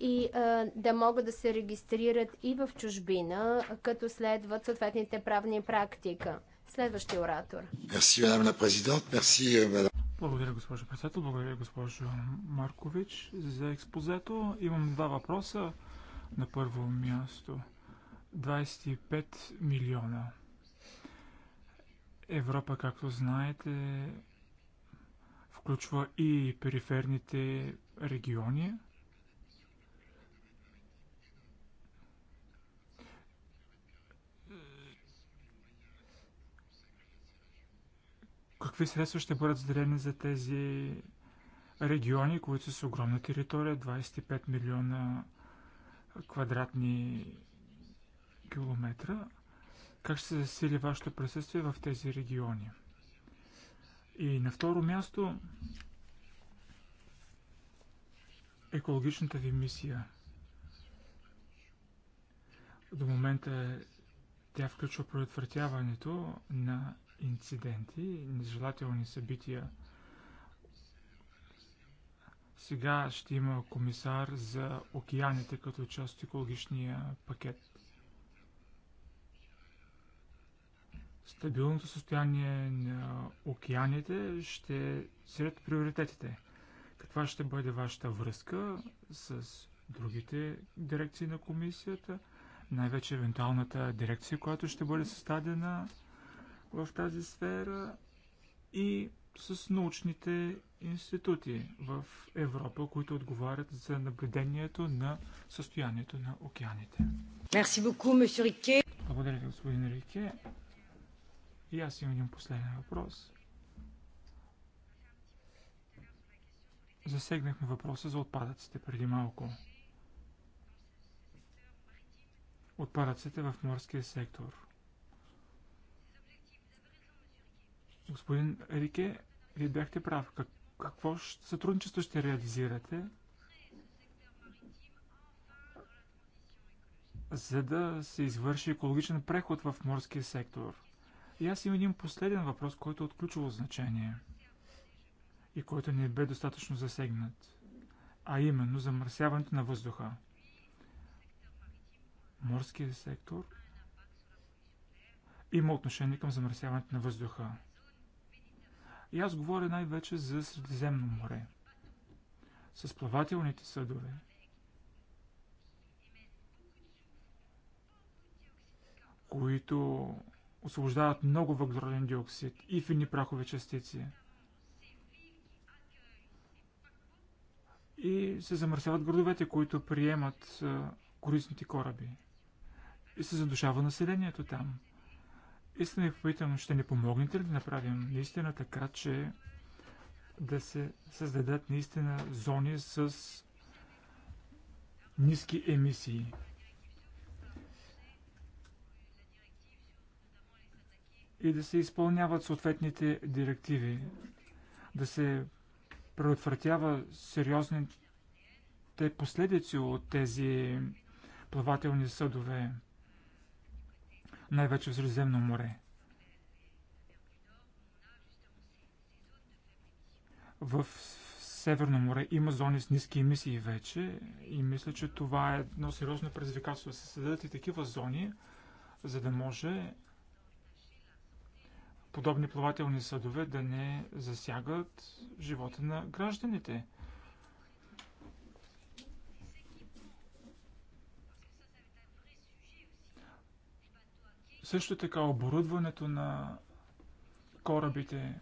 и а, да могат да се регистрират и в чужбина, като следват съответните правни практика. Следващия оратор. Мерси, мадам ла Благодаря, госпожо председател. Благодаря, госпожо Маркович, за експозето. Имам два въпроса. На първо място, 25 милиона Европа, както знаете, включва и периферните региони. Какви средства ще бъдат заделени за тези региони, които са огромна територия, 25 милиона квадратни километра? как ще се засили вашето присъствие в тези региони? И на второ място, екологичната ви мисия. До момента тя включва предотвратяването на инциденти, нежелателни събития. Сега ще има комисар за океаните като част от екологичния пакет. стабилното състояние на океаните ще сред приоритетите. Каква ще бъде вашата връзка с другите дирекции на комисията, най-вече евентуалната дирекция, която ще бъде създадена в тази сфера и с научните институти в Европа, които отговарят за наблюдението на състоянието на океаните. Благодаря ви, господин Рике. И аз имам един последен въпрос. Засегнахме въпроса за отпадъците преди малко. Отпадъците в морския сектор. Господин Рике, вие бяхте прав. какво сътрудничество ще реализирате, за да се извърши екологичен преход в морския сектор? И аз имам един последен въпрос, който е от ключово значение и който не бе достатъчно засегнат, а именно замърсяването на въздуха. Морският сектор има отношение към замърсяването на въздуха. И аз говоря най-вече за Средиземно море. С плавателните съдове. които освобождават много въглероден диоксид и фини прахови частици. И се замърсяват градовете, които приемат корисните кораби. И се задушава населението там. Искам да ви попитам, ще не помогнете ли да направим наистина така, че да се създадат наистина зони с ниски емисии? и да се изпълняват съответните директиви, да се предотвратява сериозните последици от тези плавателни съдове, най-вече в Средиземно море. В Северно море има зони с ниски емисии вече и мисля, че това е едно сериозно предизвикателство да се създадат и такива зони, за да може подобни плавателни съдове да не засягат живота на гражданите. Също така оборудването на корабите.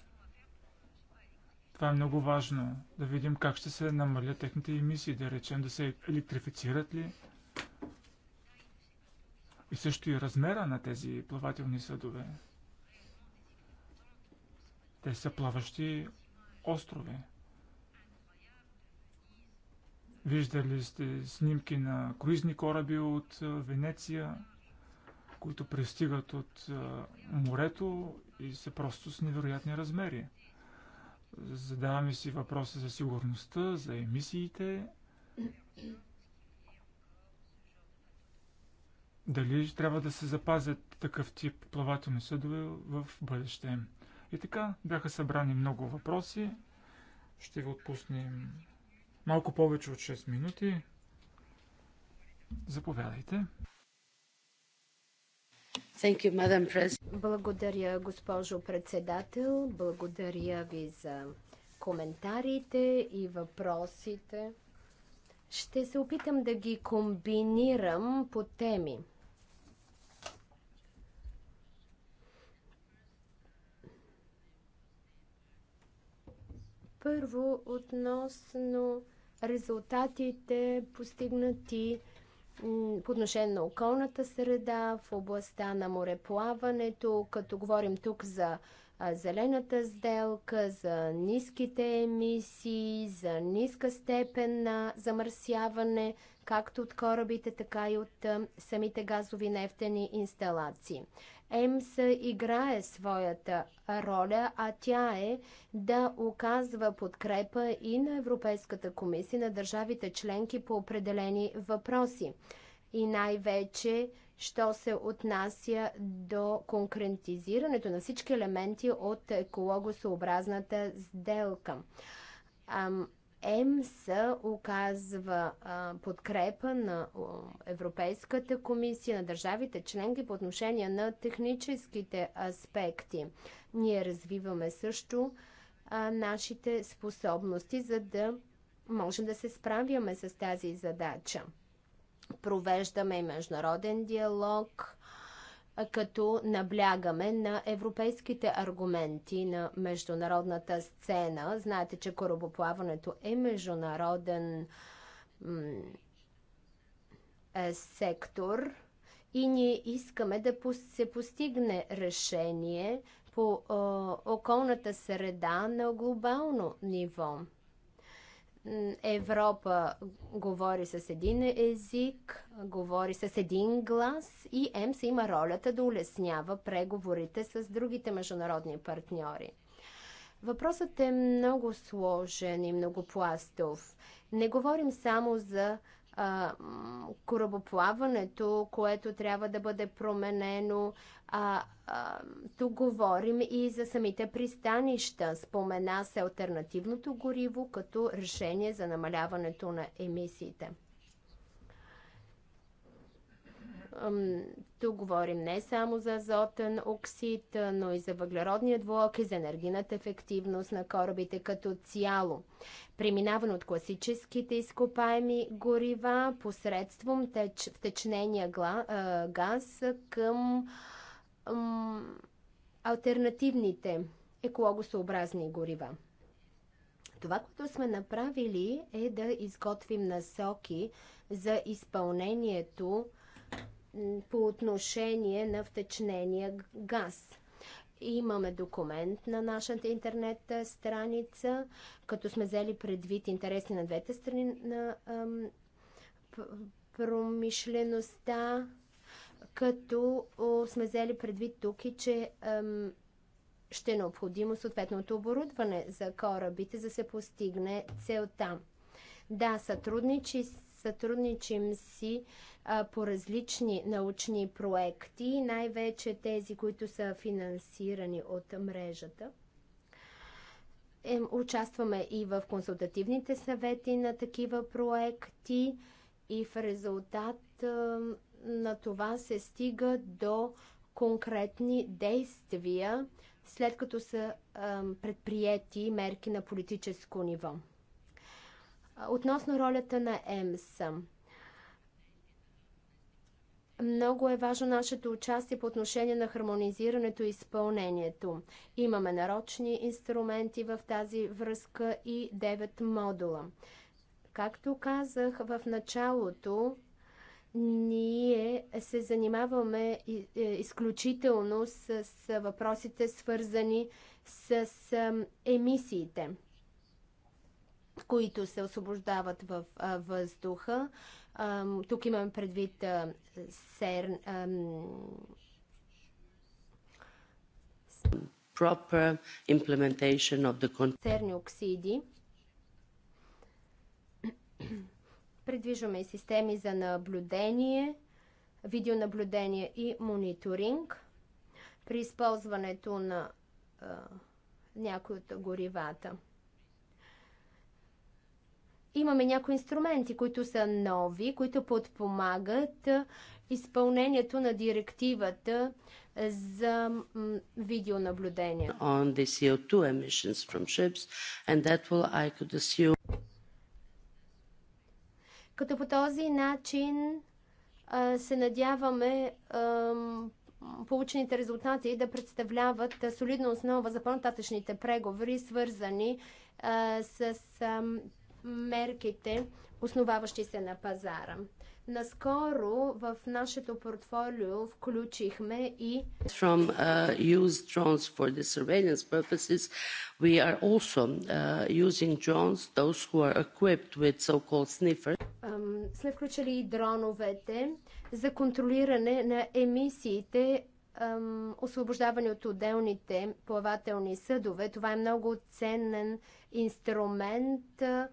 Това е много важно. Да видим как ще се намалят техните емисии, да речем да се електрифицират ли. И също и размера на тези плавателни съдове. Те са плаващи острови. Виждали сте снимки на круизни кораби от Венеция, които пристигат от морето и са просто с невероятни размери. Задаваме си въпроса за сигурността, за емисиите. Дали трябва да се запазят такъв тип плавателни съдове в бъдеще? И така бяха събрани много въпроси. Ще ви отпуснем малко повече от 6 минути. Заповядайте. Благодаря, госпожо председател. Благодаря ви за коментарите и въпросите. Ще се опитам да ги комбинирам по теми. Първо, относно резултатите постигнати по отношение на околната среда, в областта на мореплаването, като говорим тук за зелената сделка, за ниските емисии, за ниска степен на замърсяване, както от корабите, така и от самите газови нефтени инсталации. ЕМС играе своята роля, а тя е да оказва подкрепа и на Европейската комисия, на държавите членки по определени въпроси. И най-вече, що се отнася до конкретизирането на всички елементи от екологосообразната сделка. ЕМС оказва а, подкрепа на а, Европейската комисия, на държавите членки по отношение на техническите аспекти. Ние развиваме също а, нашите способности, за да можем да се справяме с тази задача. Провеждаме и международен диалог като наблягаме на европейските аргументи на международната сцена. Знаете, че корабоплаването е международен е, сектор и ние искаме да се постигне решение по е, околната среда на глобално ниво. Европа говори с един език, говори с един глас и ЕМС има ролята да улеснява преговорите с другите международни партньори. Въпросът е много сложен и многопластов. Не говорим само за а, корабоплаването, което трябва да бъде променено, а, а, тук говорим и за самите пристанища. Спомена се альтернативното гориво като решение за намаляването на емисиите. Тук говорим не само за азотен оксид, но и за въглеродния двуок и за енергийната ефективност на корабите като цяло. Преминаване от класическите изкопаеми горива посредством теч, втечнения газ към альтернативните екологосообразни горива. Това, което сме направили е да изготвим насоки за изпълнението по отношение на втечнения газ. Имаме документ на нашата интернет страница, като сме взели предвид интереси на двете страни на ам, промишлеността като сме взели предвид тук и, че ще е необходимо съответното оборудване за корабите, за да се постигне целта. Да, сътрудничи, сътрудничим си а, по различни научни проекти, най-вече тези, които са финансирани от мрежата. Е, участваме и в консултативните съвети на такива проекти и в резултат а, на това се стига до конкретни действия, след като са предприяти мерки на политическо ниво. Относно ролята на ЕМС. Много е важно нашето участие по отношение на хармонизирането и изпълнението. Имаме нарочни инструменти в тази връзка и 9 модула. Както казах в началото, ние се занимаваме е, изключително с въпросите, свързани с е, емисиите, които се освобождават в е, въздуха. Тук имаме предвид Proper implementation of the... серни оксиди. Предвижваме и системи за наблюдение, видеонаблюдение и мониторинг при използването на а, някои от горивата. Имаме някои инструменти, които са нови, които подпомагат изпълнението на директивата за видеонаблюдение. On the CO2 emissions from ships and that will I could assume като по този начин се надяваме получените резултати да представляват солидна основа за по-нататъчните преговори, свързани с мерките, основаващи се на пазара. Наскоро в нашето портфолио включихме и From uh, used drones for the surveillance purposes, we are also uh, using drones, those who are equipped with so-called sniffer. Um, сме включили и дроновете за контролиране на емисиите um, освобождаване от отделните плавателни съдове. Това е много ценен инструмент uh,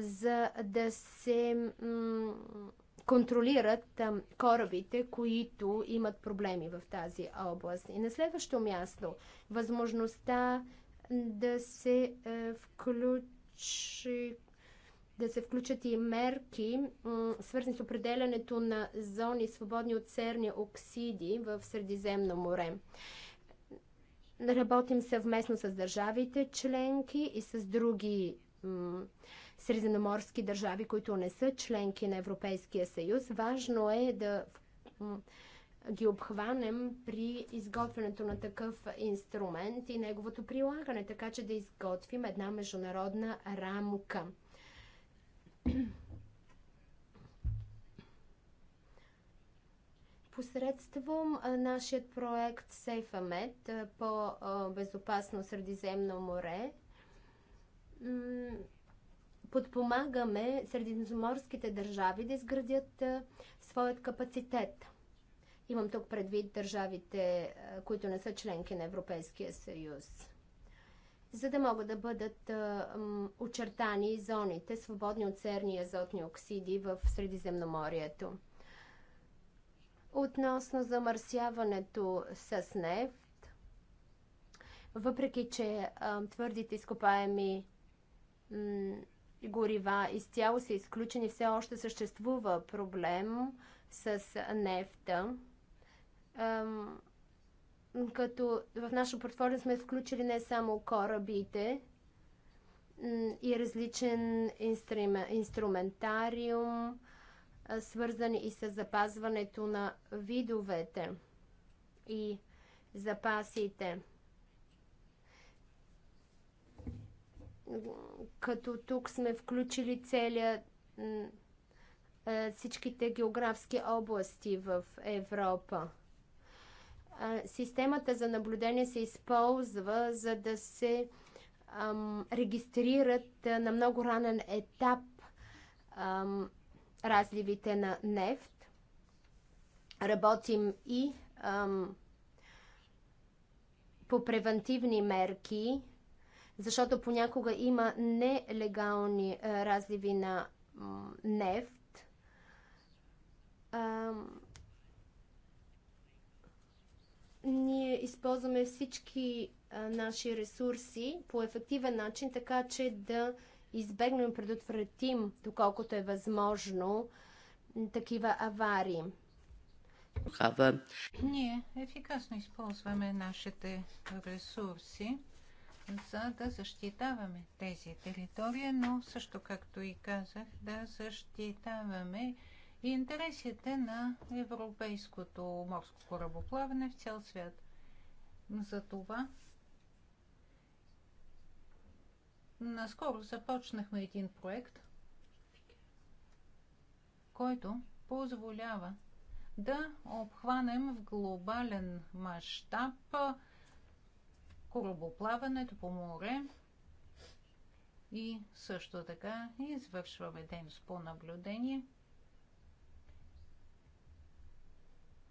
за да се контролират корабите, които имат проблеми в тази област. И на следващо място, възможността да се включи да се включат и мерки, свързани с определянето на зони свободни от серни оксиди в Средиземно море. Работим съвместно с държавите членки и с други средиземноморски държави, които не са членки на Европейския съюз. Важно е да ги обхванем при изготвянето на такъв инструмент и неговото прилагане, така че да изготвим една международна рамка. Посредством нашият проект SafeAmet по безопасно Средиземно море, подпомагаме средиземноморските държави да изградят своят капацитет. Имам тук предвид държавите, които не са членки на Европейския съюз. За да могат да бъдат очертани зоните, свободни от серни и азотни оксиди в Средиземноморието. Относно замърсяването с нефт, въпреки че твърдите изкопаеми горива изцяло са изключени. Все още съществува проблем с нефта. като в нашото портфолио сме включили не само корабите и различен инструментариум, свързани и с запазването на видовете и запасите. като тук сме включили целият е, всичките географски области в Европа. Системата за наблюдение се използва за да се ам, регистрират на много ранен етап ам, разливите на нефт. Работим и ам, по превентивни мерки защото понякога има нелегални е, разливи на нефт. ние използваме всички е, наши ресурси по ефективен начин, така че да избегнем и предотвратим, доколкото е възможно, такива аварии. Ние ефикасно използваме нашите ресурси за да защитаваме тези територии, но също, както и казах, да защитаваме и интересите на европейското морско корабоплаване в цял свят. За това наскоро започнахме един проект, който позволява да обхванем в глобален мащаб корабоплаването по море и също така извършваме дейност по наблюдение,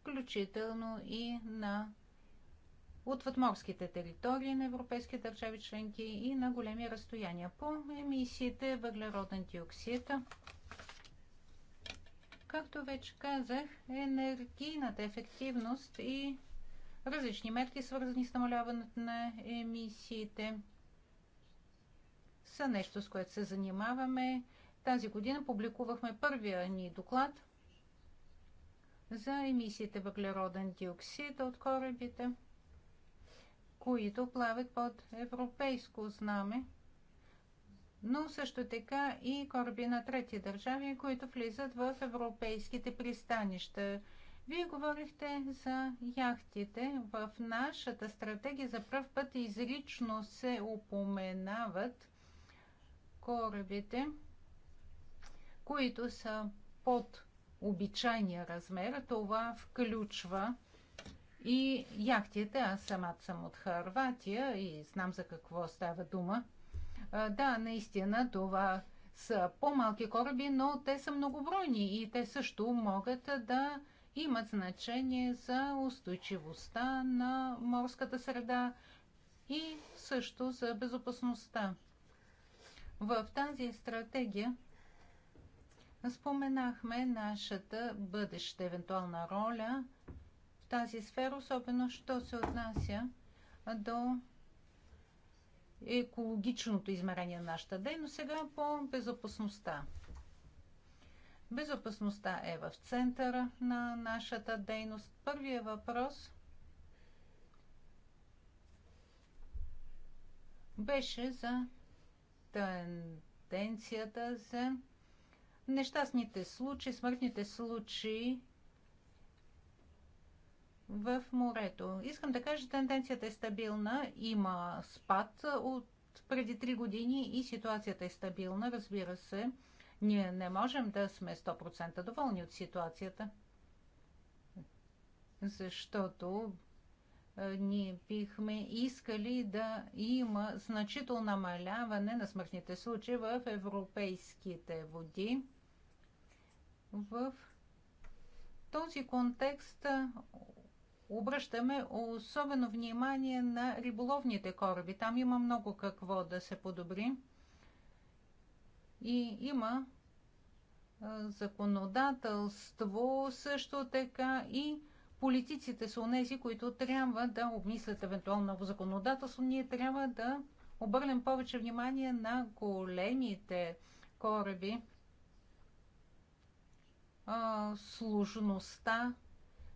включително и на отвъдморските територии на европейски държави членки и на големи разстояния по емисиите въглероден диоксид. Както вече казах, енергийната ефективност и различни мерки, свързани с намаляването на емисиите, са нещо, с което се занимаваме. Тази година публикувахме първия ни доклад за емисиите въглероден диоксид от корабите, които плават под европейско знаме, но също така и кораби на трети държави, които влизат в европейските пристанища. Вие говорихте за яхтите. В нашата стратегия за пръв път изрично се упоменават корабите, които са под обичайния размер. Това включва и яхтите. Аз самата съм от Харватия и знам за какво става дума. Да, наистина това са по-малки кораби, но те са многобройни и те също могат да имат значение за устойчивостта на морската среда и също за безопасността. В тази стратегия споменахме нашата бъдеща евентуална роля в тази сфера, особено що се отнася до екологичното измерение на нашата дейност, сега по безопасността. Безопасността е в центъра на нашата дейност. Първият въпрос беше за тенденцията за нещастните случаи, смъртните случаи в морето. Искам да кажа, тенденцията е стабилна, има спад от преди 3 години и ситуацията е стабилна, разбира се. Ние не можем да сме 100% доволни от ситуацията, защото ние бихме искали да има значително намаляване на смъртните случаи в европейските води. В този контекст обръщаме особено внимание на риболовните кораби. Там има много какво да се подобри. И има законодателство, също така и политиците са онези, които трябва да обмислят евентуално ново законодателство. Ние трябва да обърнем повече внимание на големите кораби, сложността,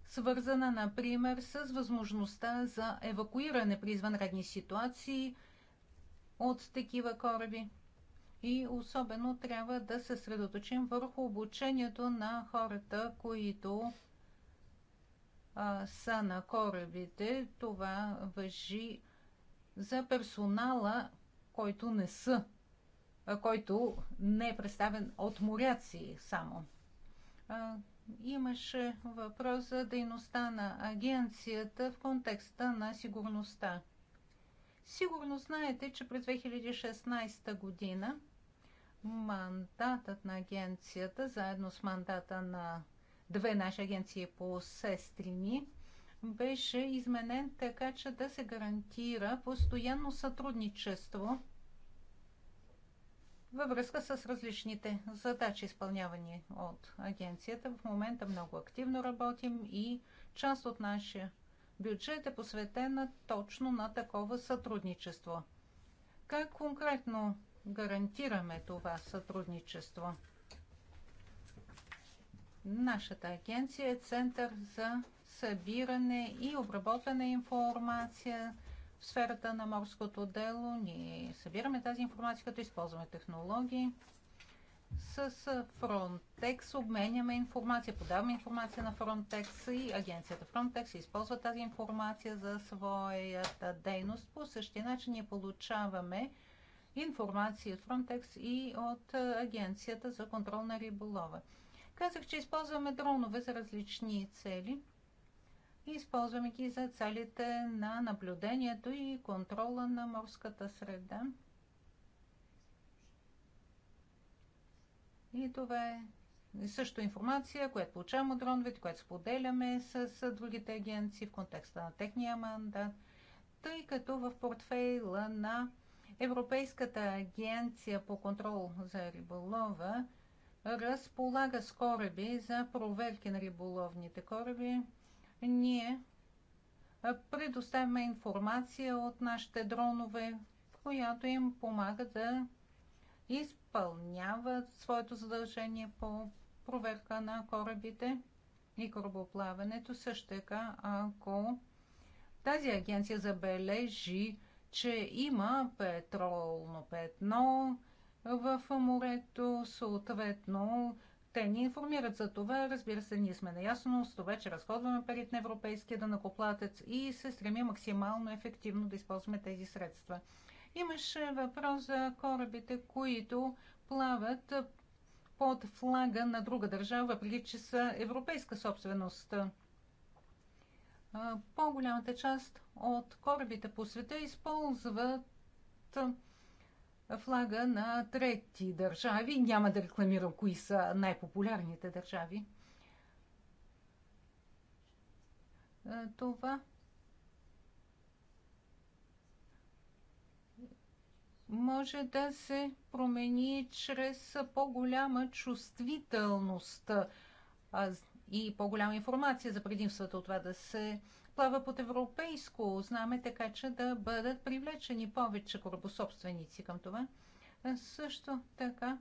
свързана, например, с възможността за евакуиране при извънредни ситуации от такива кораби и особено трябва да се средоточим върху обучението на хората, които а, са на корабите. Това въжи за персонала, който не са, а, който не е представен от моряци само. А, имаше въпрос за дейността на агенцията в контекста на сигурността. Сигурно знаете, че през 2016 година мандатът на агенцията, заедно с мандата на две наши агенции по сестрини, беше изменен така, че да се гарантира постоянно сътрудничество във връзка с различните задачи, изпълнявани от агенцията. В момента много активно работим и част от нашия бюджет е посветена точно на такова сътрудничество. Как конкретно гарантираме това сътрудничество. Нашата агенция е център за събиране и обработване информация в сферата на морското дело. Ние събираме тази информация, като използваме технологии. С Frontex обменяме информация, подаваме информация на Frontex и агенцията Frontex използва тази информация за своята дейност. По същия начин ние получаваме информация от Frontex и от Агенцията за контрол на риболова. Казах, че използваме дронове за различни цели и използваме ги за целите на наблюдението и контрола на морската среда. И това е също информация, която получаваме от дроновете, която споделяме с, другите агенции в контекста на техния мандат, тъй като в портфейла на Европейската агенция по контрол за риболова разполага с кораби за проверки на риболовните кораби. Ние предоставяме информация от нашите дронове, в която им помага да изпълняват своето задължение по проверка на корабите и корабоплаването. Също така, ако тази агенция забележи че има петролно петно в морето, съответно те ни информират за това. Разбира се, ние сме наясно с това, че разходваме парите на европейския данакоплатец и се стремим максимално ефективно да използваме тези средства. Имаше въпрос за корабите, които плават под флага на друга държава, въпреки че са европейска собственост по-голямата част от корабите по света използват флага на трети държави. Няма да рекламирам кои са най-популярните държави. Това може да се промени чрез по-голяма чувствителност и по-голяма информация за предимствата от това да се плава под европейско знаме, така че да бъдат привлечени повече корабособственици към това. Също така,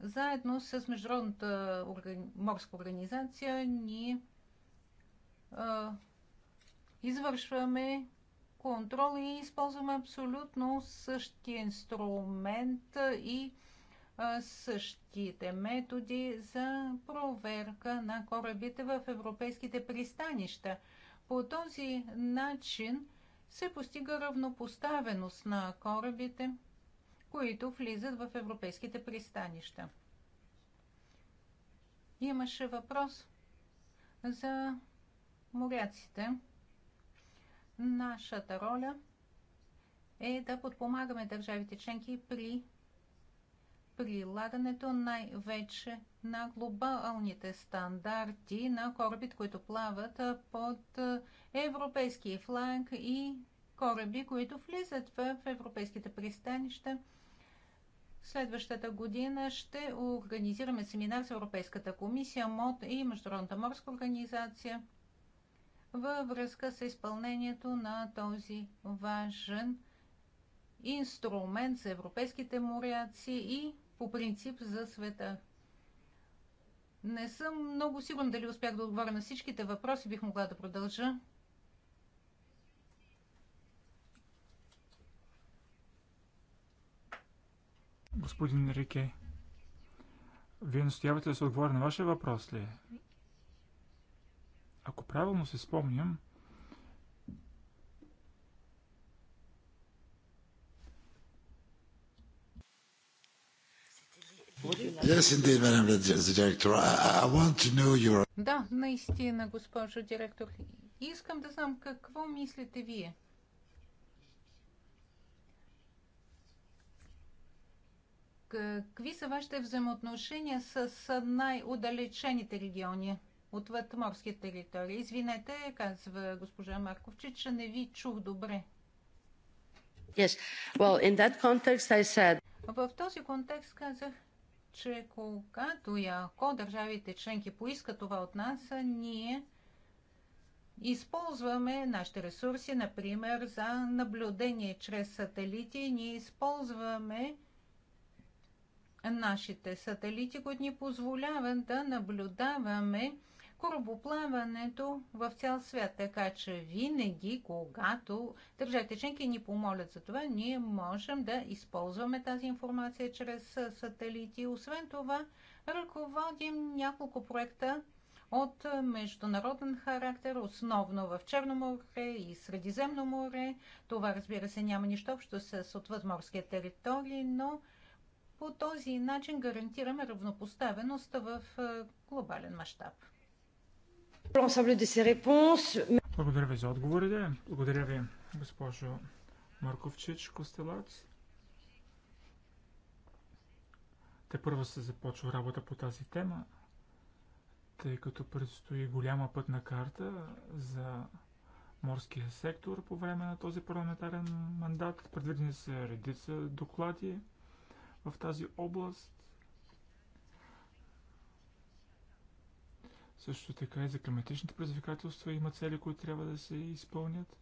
заедно с Международната морска организация ние а, извършваме контрол и използваме абсолютно същия инструмент и същите методи за проверка на корабите в европейските пристанища. По този начин се постига равнопоставеност на корабите, които влизат в европейските пристанища. Имаше въпрос за моряците. Нашата роля е да подпомагаме държавите членки при прилагането най-вече на глобалните стандарти на корабите, които плават под европейски флаг и кораби, които влизат в европейските пристанища. Следващата година ще организираме семинар с Европейската комисия, МОД и Международната морска организация във връзка с изпълнението на този важен инструмент за европейските моряци и по принцип за света. Не съм много сигурна дали успях да отговоря на всичките въпроси. Бих могла да продължа. Господин Рике, вие настоявате да се отговоря на вашия въпрос ли? Ако правилно се спомням, Да, наистина, госпожо директор. Искам да знам какво мислите вие. Какви са вашите взаимоотношения с най-удалечените региони отвъд морски територии? Извинете, казва госпожа Марковче, че не ви чух добре. Yes. Well, in that context I said... В този контекст казах, че когато и ако държавите членки поискат това от нас, ние използваме нашите ресурси, например, за наблюдение чрез сателити. Ние използваме нашите сателити, които ни позволяват да наблюдаваме корабоплаването в цял свят. Така че винаги, когато държавите членки ни помолят за това, ние можем да използваме тази информация чрез сателити. Освен това, ръководим няколко проекта от международен характер, основно в Черно море и Средиземно море. Това, разбира се, няма нищо общо с отвъдморския територии, но по този начин гарантираме равнопоставеност в е, глобален мащаб. Благодаря ви за отговорите. Благодаря ви, госпожо Марковчич Костелац. Те първо се започва работа по тази тема, тъй като предстои голяма пътна карта за морския сектор по време на този парламентарен мандат. Предвидени се редица доклади в тази област. Също така и за климатичните предизвикателства има цели, които трябва да се изпълнят.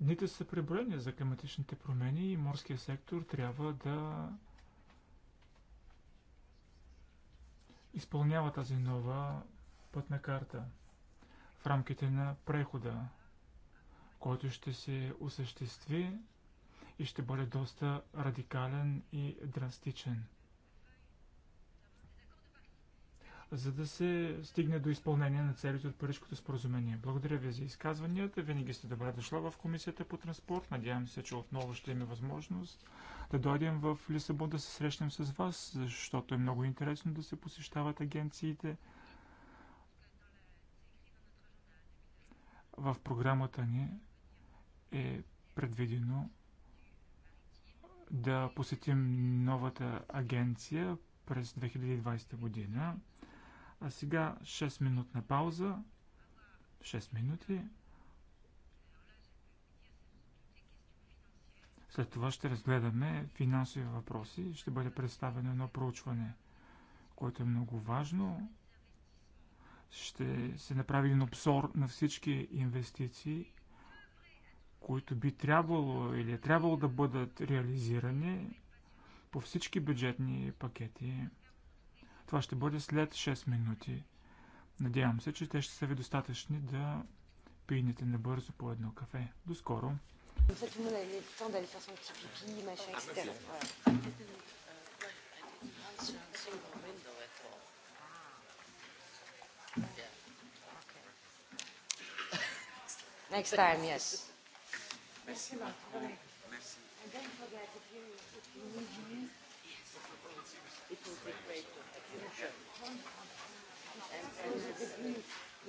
Дните са преброени за климатичните промени и морския сектор трябва да изпълнява тази нова пътна карта в рамките на прехода, който ще се осъществи и ще бъде доста радикален и драстичен. за да се стигне до изпълнение на целите от Парижкото споразумение. Благодаря ви за изказванията. Винаги сте добре дошла в Комисията по транспорт. Надявам се, че отново ще имаме възможност да дойдем в Лисабон да се срещнем с вас, защото е много интересно да се посещават агенциите. В програмата ни е предвидено да посетим новата агенция през 2020 година. А сега 6 минутна пауза. 6 минути. След това ще разгледаме финансови въпроси. Ще бъде представено едно проучване, което е много важно. Ще се направи един обзор на всички инвестиции, които би трябвало или е трябвало да бъдат реализирани по всички бюджетни пакети. Това ще бъде след 6 минути. Надявам се, че те ще са ви достатъчни да пийнете набързо по едно кафе. До скоро! Next time, yes. Merci, Marc. Merci. And don't forget, if you, need me, it would be great to have you. Sure. And, and yeah,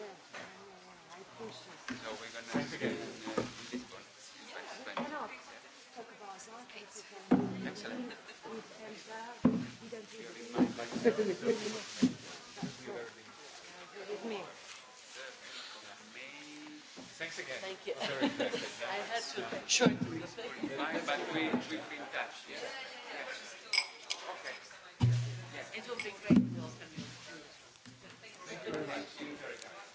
it. So we're going to in uh, Lisbon. Yeah, cannot talk about that we can. Excellent. With me. Thanks again. Thank you. I had to shortly. But we've been touched. Yeah. It would be great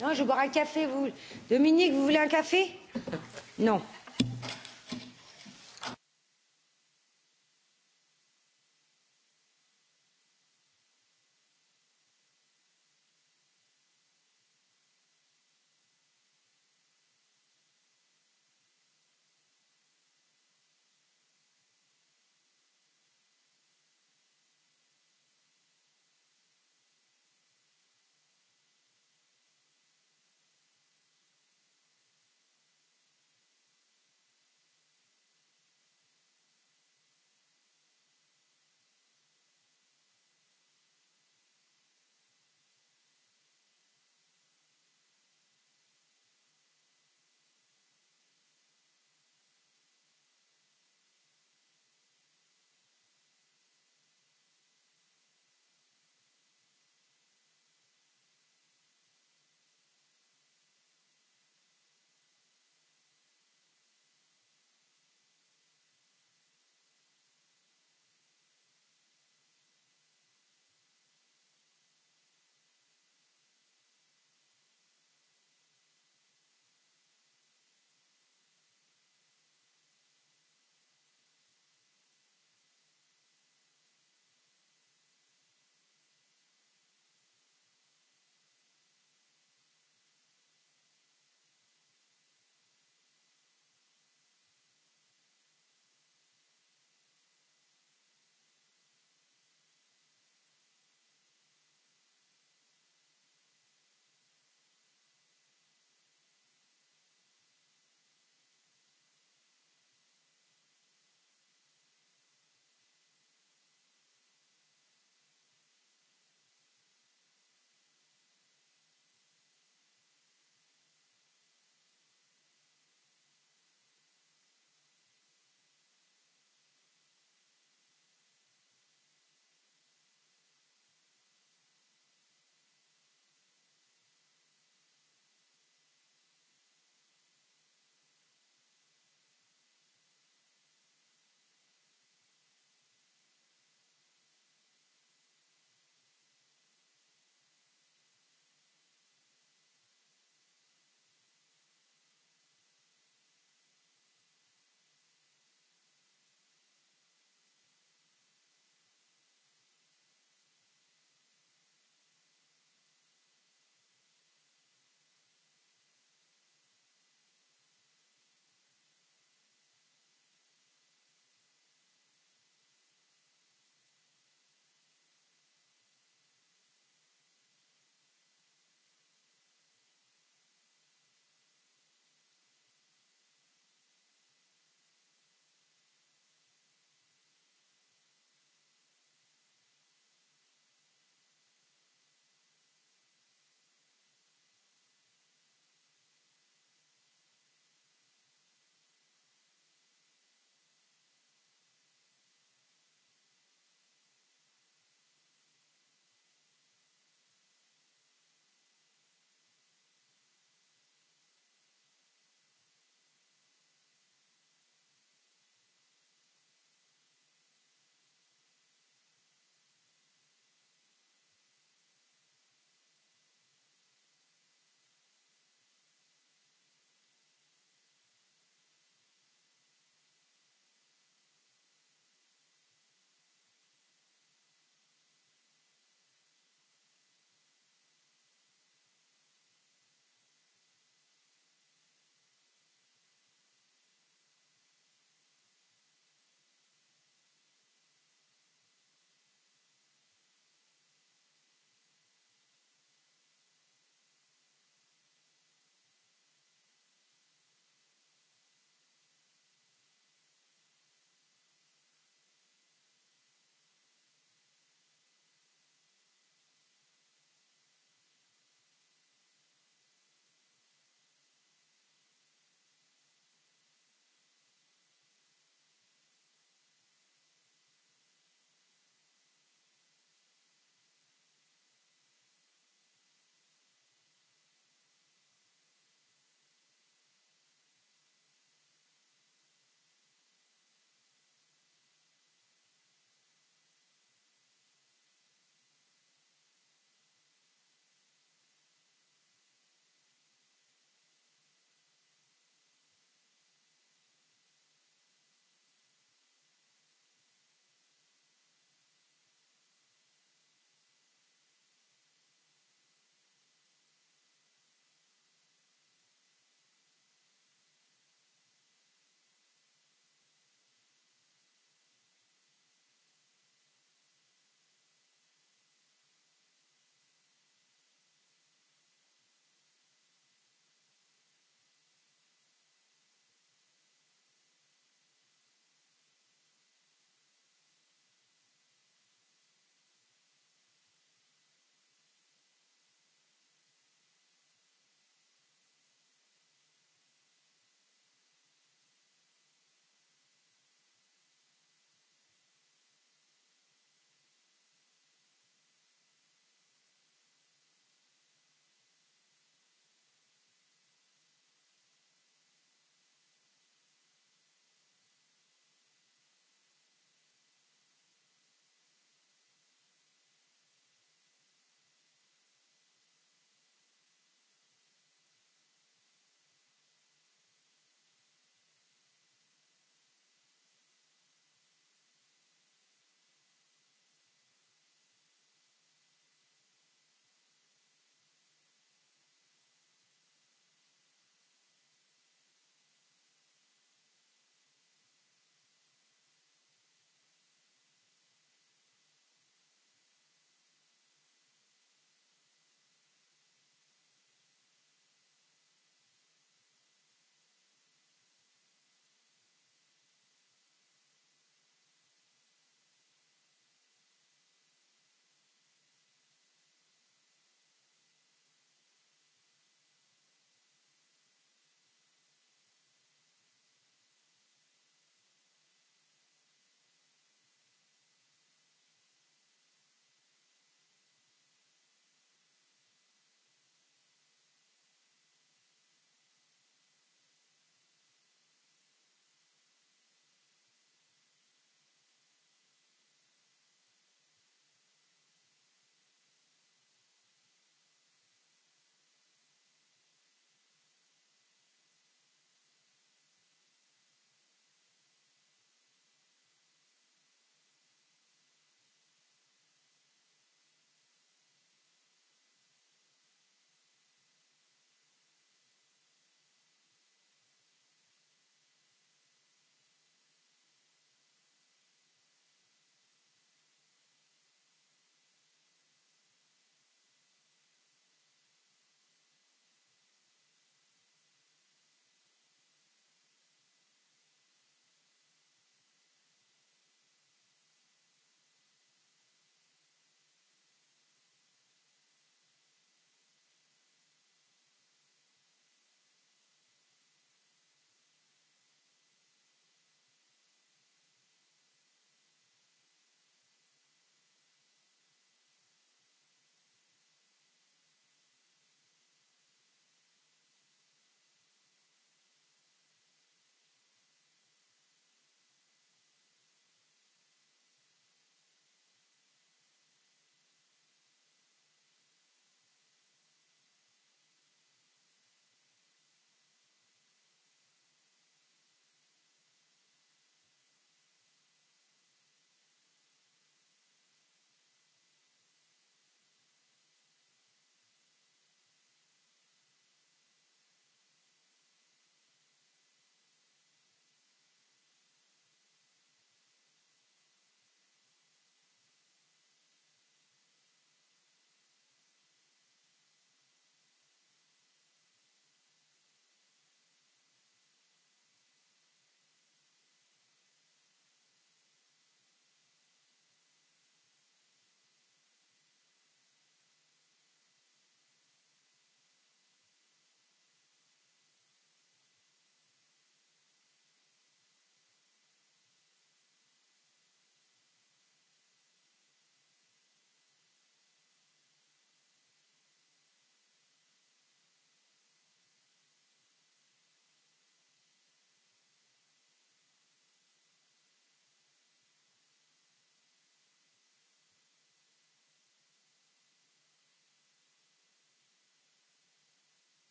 Non, je vais boire un café. Vous... Dominique, vous voulez un café Non.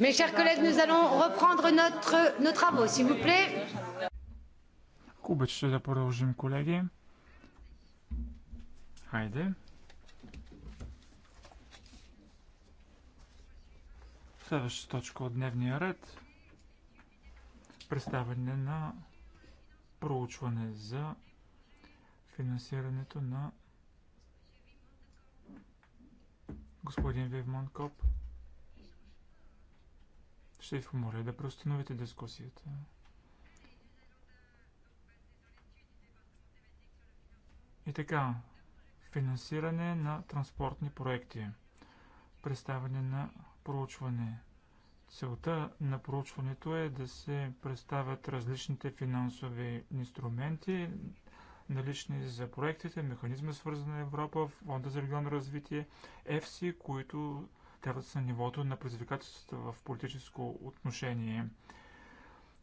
Mes chers collègues, nous allons reprendre notre, nos travaux, s'il vous plaît. Ако да продължим, колеги. Хайде. Следваща точка от дневния ред. Представяне на проучване за финансирането на господин Вивмон Коп. Ще ви помоля да преустановите дискусията. И така, финансиране на транспортни проекти, представяне на проучване. Целта на проучването е да се представят различните финансови инструменти, налични за проектите, механизма свързана Европа, Фонда за регионално развитие, ЕФСИ, които трябва да са на нивото на предизвикателствата в политическо отношение.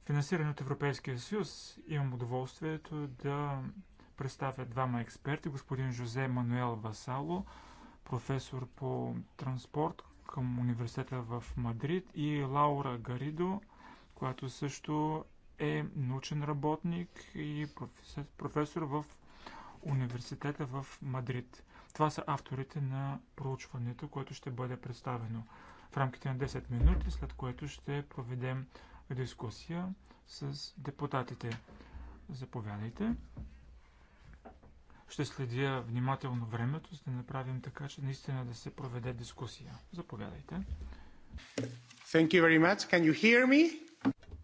Финансиране от Европейския съюз имам удоволствието да представя двама експерти, господин Жозе Мануел Васало, професор по транспорт към университета в Мадрид и Лаура Гаридо, която също е научен работник и професор в университета в Мадрид. Това са авторите на проучването, което ще бъде представено в рамките на 10 минути, след което ще проведем дискусия с депутатите. Заповядайте. Ще следя внимателно времето, за да направим така, че наистина да се проведе дискусия. Заповядайте. Thank you very much. Can you hear me?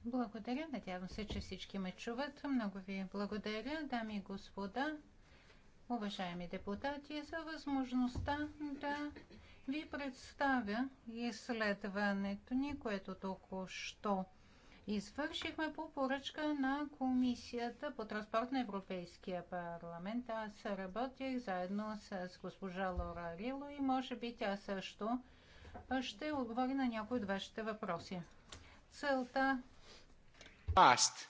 Благодаря. Надявам се, че всички ме чуват. Много ви благодаря, дами и господа уважаеми депутати, за възможността да ви представя изследването ни, което току-що извършихме по поръчка на Комисията по транспорт на Европейския парламент. Аз работих заедно с госпожа Лора Рило и може би тя също ще отговори на някои от вашите въпроси. Целта Past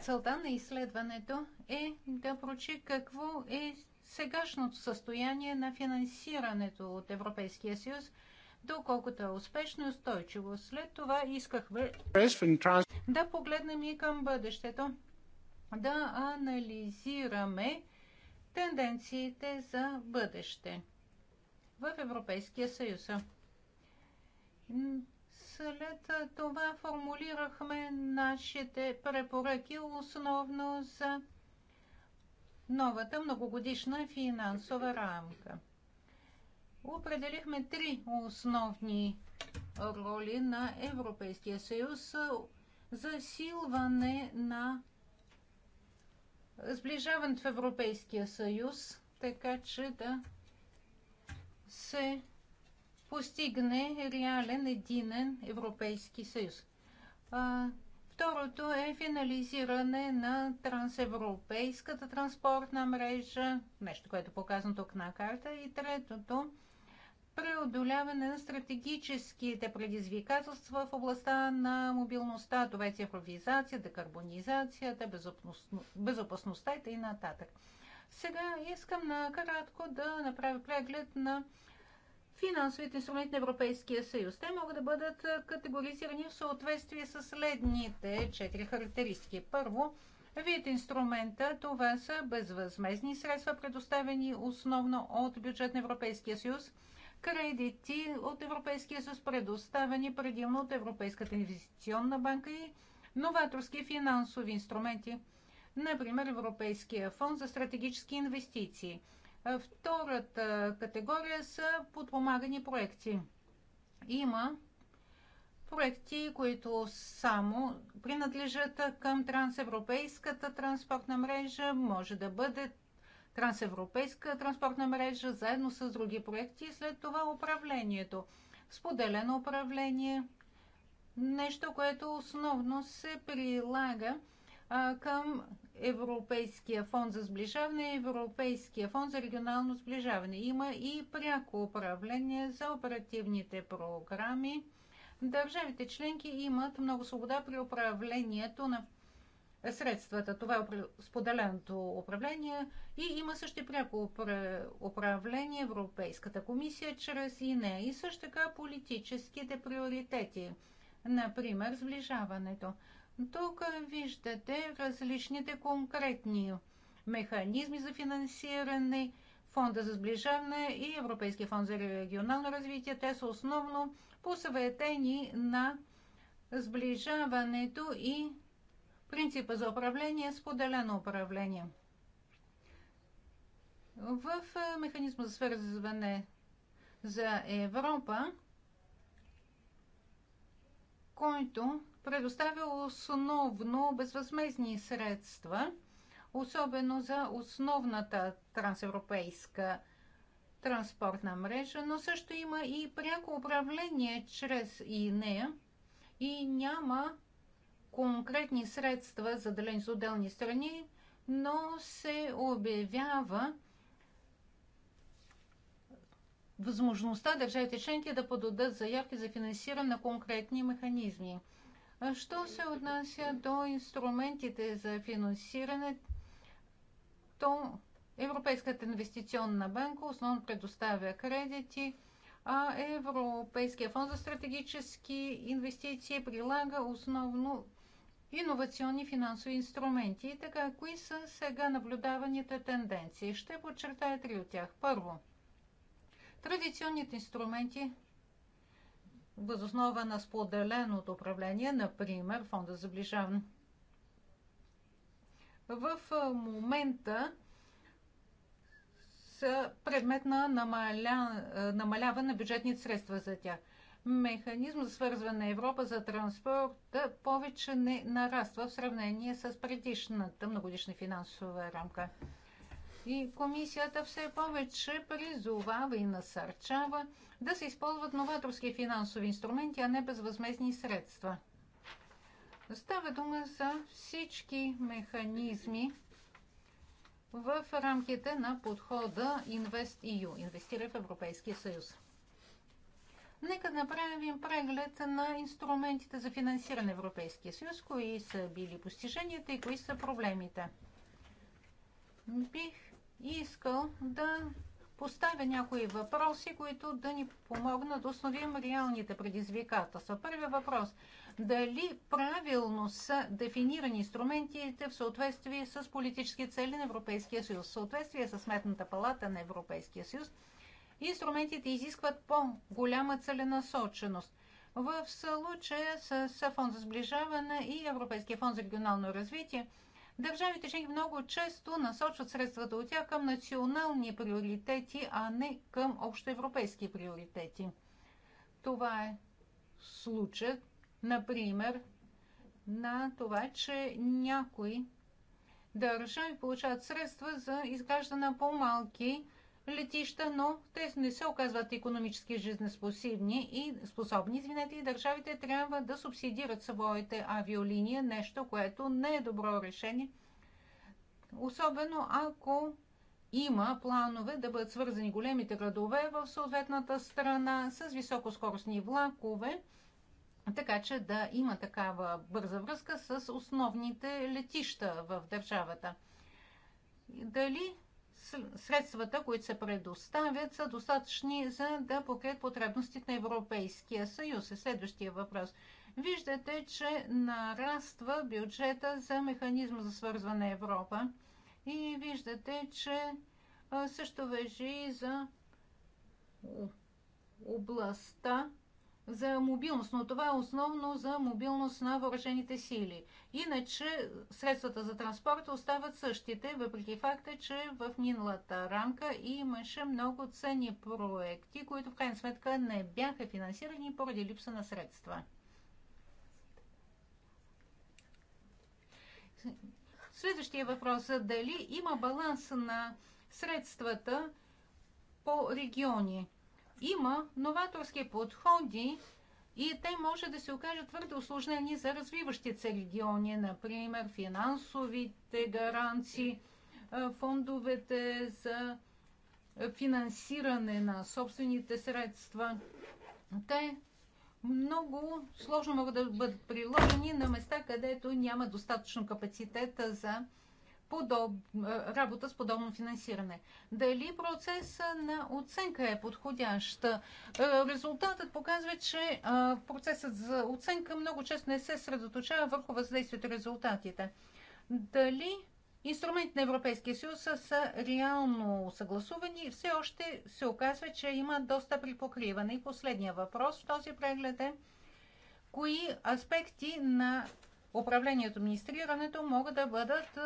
Целта на изследването е да прочи какво е сегашното състояние на финансирането от Европейския съюз, доколкото е успешно и устойчиво. След това искахме да погледнем и към бъдещето, да анализираме тенденциите за бъдеще в Европейския съюз. След това формулирахме нашите препоръки основно за новата многогодишна финансова рамка. Определихме три основни роли на Европейския съюз засилване на сближаването в Европейския съюз, така че да се постигне реален единен Европейски съюз. второто е финализиране на трансевропейската транспортна мрежа, нещо, което е показано тук на карта. И третото преодоляване на стратегическите предизвикателства в областта на мобилността, това е цифровизация, декарбонизацията, безопасността и т.н. Сега искам накратко да направя преглед на финансовите инструменти на Европейския съюз. Те могат да бъдат категоризирани в съответствие с следните четири характеристики. Първо, вид инструмента това са безвъзмезни средства, предоставени основно от бюджет на Европейския съюз, кредити от Европейския съюз, предоставени предимно от Европейската инвестиционна банка и новаторски финансови инструменти, например Европейския фонд за стратегически инвестиции – Втората категория са подпомагани проекти. Има проекти, които само принадлежат към трансевропейската транспортна мрежа, може да бъде трансевропейска транспортна мрежа, заедно с други проекти и след това управлението. Споделено управление, нещо, което основно се прилага към Европейския фонд за сближаване и Европейския фонд за регионално сближаване. Има и пряко управление за оперативните програми. Държавите членки имат много свобода при управлението на средствата. Това е споделеното управление и има също пряко управление Европейската комисия чрез ИНЕ и също така политическите приоритети. Например, сближаването. Тук виждате различните конкретни механизми за финансиране, Фонда за сближаване и Европейския фонд за регионално развитие. Те са основно посъветени на сближаването и принципа за управление, споделено управление. В е, механизма за свързване за Европа, който предоставя основно безвъзмезни средства, особено за основната трансевропейска транспортна мрежа, но също има и пряко управление чрез ИНЕ и няма конкретни средства, заделени за отделни страни, но се обявява възможността държавите членки да подадат заявки за финансиране на конкретни механизми. Що се отнася до инструментите за финансиране, то Европейската инвестиционна банка основно предоставя кредити, а Европейския фонд за стратегически инвестиции прилага основно иновационни финансови инструменти. И така, кои са сега наблюдаваните тенденции? Ще подчертая три от тях. Първо, традиционните инструменти възоснова на споделеното управление, например фонда за ближаване. В момента са предмет на намаля... намаляване на бюджетни средства за тях. Механизм за свързване на Европа за транспорт повече не нараства в сравнение с предишната многодишна финансова рамка. И комисията все повече призовава и насърчава да се използват новаторски финансови инструменти, а не безвъзмезни средства. Става дума за всички механизми в рамките на подхода InvestEU, инвестира в Европейския съюз. Нека направим преглед на инструментите за финансиране на Европейския съюз, кои са били постиженията и кои са проблемите. Бих искал да поставя някои въпроси, които да ни помогнат да установим реалните предизвикателства. Първият въпрос – дали правилно са дефинирани инструментите в съответствие с политически цели на Европейския съюз, в съответствие с Сметната палата на Европейския съюз, инструментите изискват по-голяма целенасоченост. В случая с Фонд за сближаване и Европейския фонд за регионално развитие – Държавите членки много често насочват средствата от тях към национални приоритети, а не към общоевропейски приоритети. Това е случай, например, на това, че някои държави получават средства за изграждане на по-малки летища, но те не се оказват економически жизнеспособни и способни, извинете, и държавите трябва да субсидират своите авиолинии, нещо, което не е добро решение, особено ако има планове да бъдат свързани големите градове в съответната страна с високоскоростни влакове, така че да има такава бърза връзка с основните летища в държавата. Дали средствата, които се предоставят, са достатъчни за да покрият потребностите на Европейския съюз. Е следващия въпрос. Виждате, че нараства бюджета за механизма за свързване Европа и виждате, че също вежи и за областта за мобилност, но това е основно за мобилност на въоръжените сили. Иначе средствата за транспорт остават същите, въпреки факта, че в миналата рамка имаше много ценни проекти, които в крайна сметка не бяха финансирани поради липса на средства. Следващия въпрос е дали има баланс на средствата по региони има новаторски подходи и те може да се окажат твърде осложнени за развиващите се региони, например финансовите гаранции, фондовете за финансиране на собствените средства. Те много сложно могат да бъдат приложени на места, където няма достатъчно капацитета за подоб... Е, работа с подобно финансиране. Дали процеса на оценка е подходящ? Е, резултатът показва, че е, процесът за оценка много често не се средоточава върху въздействието и резултатите. Дали инструментите на Европейския съюз са реално съгласувани и все още се оказва, че има доста припокриване. И последния въпрос в този преглед е кои аспекти на управлението, администрирането могат да бъдат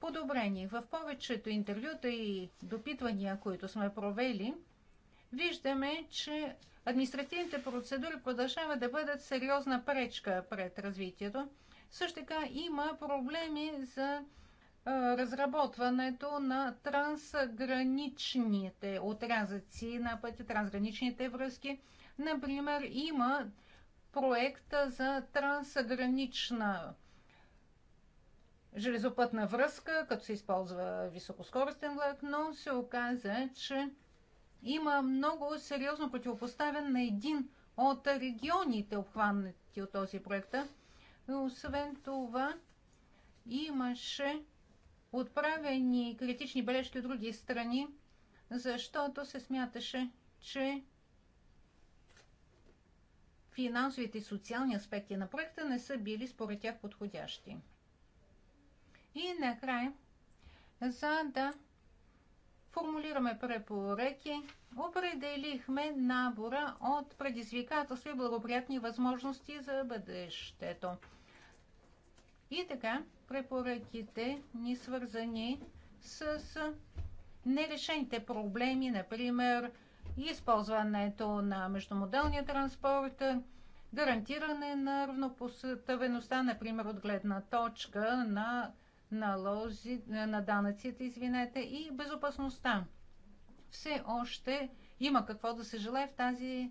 подобрение. В повечето интервюта и допитвания, които сме провели, виждаме, че административните процедури продължават да бъдат сериозна пречка пред развитието. Също така има проблеми за разработването на трансграничните отрязъци на пътя, трансграничните връзки. Например, има проекта за трансгранична железопътна връзка, като се използва високоскоростен влак, но се оказа, че има много сериозно противопоставен на един от регионите, обхванати от този проект. Освен това, имаше отправени критични бележки от други страни, защото се смяташе, че финансовите и социални аспекти на проекта не са били според тях подходящи. И накрая, за да формулираме препоръки, определихме набора от предизвикателства и благоприятни възможности за бъдещето. И така, препоръките ни свързани с нерешените проблеми, например, използването на междумоделния транспорт, гарантиране на равнопоставеността, например, от гледна точка на налози, е, на данъците, извинете, и безопасността. Все още има какво да се желае в тази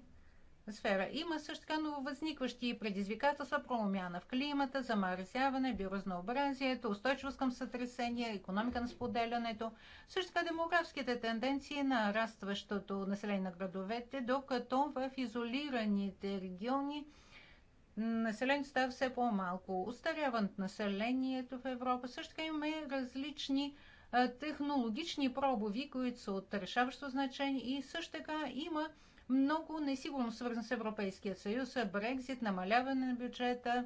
сфера. Има също така нововъзникващи предизвикателства, промяна в климата, замърсяване, биоразнообразието, устойчивост към сътресения, економика на споделянето, също така демографските тенденции на растващото население на градовете, докато в изолираните региони населението става все по-малко. Остаряването населението в Европа. Също така имаме различни технологични пробови, които са от решаващо значение и също така има много несигурност, свързана с Европейския съюз, Брекзит, намаляване на бюджета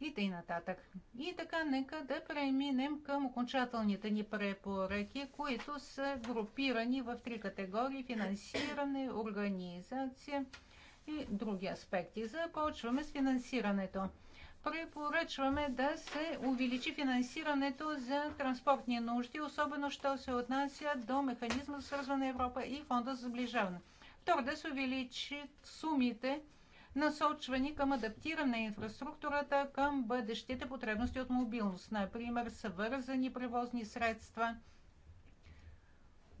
и т.н. И така, нека да преминем към окончателните ни препоръки, които са групирани в три категории – финансиране, организация – и други аспекти. Започваме с финансирането. Препоръчваме да се увеличи финансирането за транспортни нужди, особено що се отнася до механизма за свързване Европа и фонда за сближаване. Второ, да се увеличи сумите, насочвани към адаптиране на инфраструктурата към бъдещите потребности от мобилност, например съвързани превозни средства,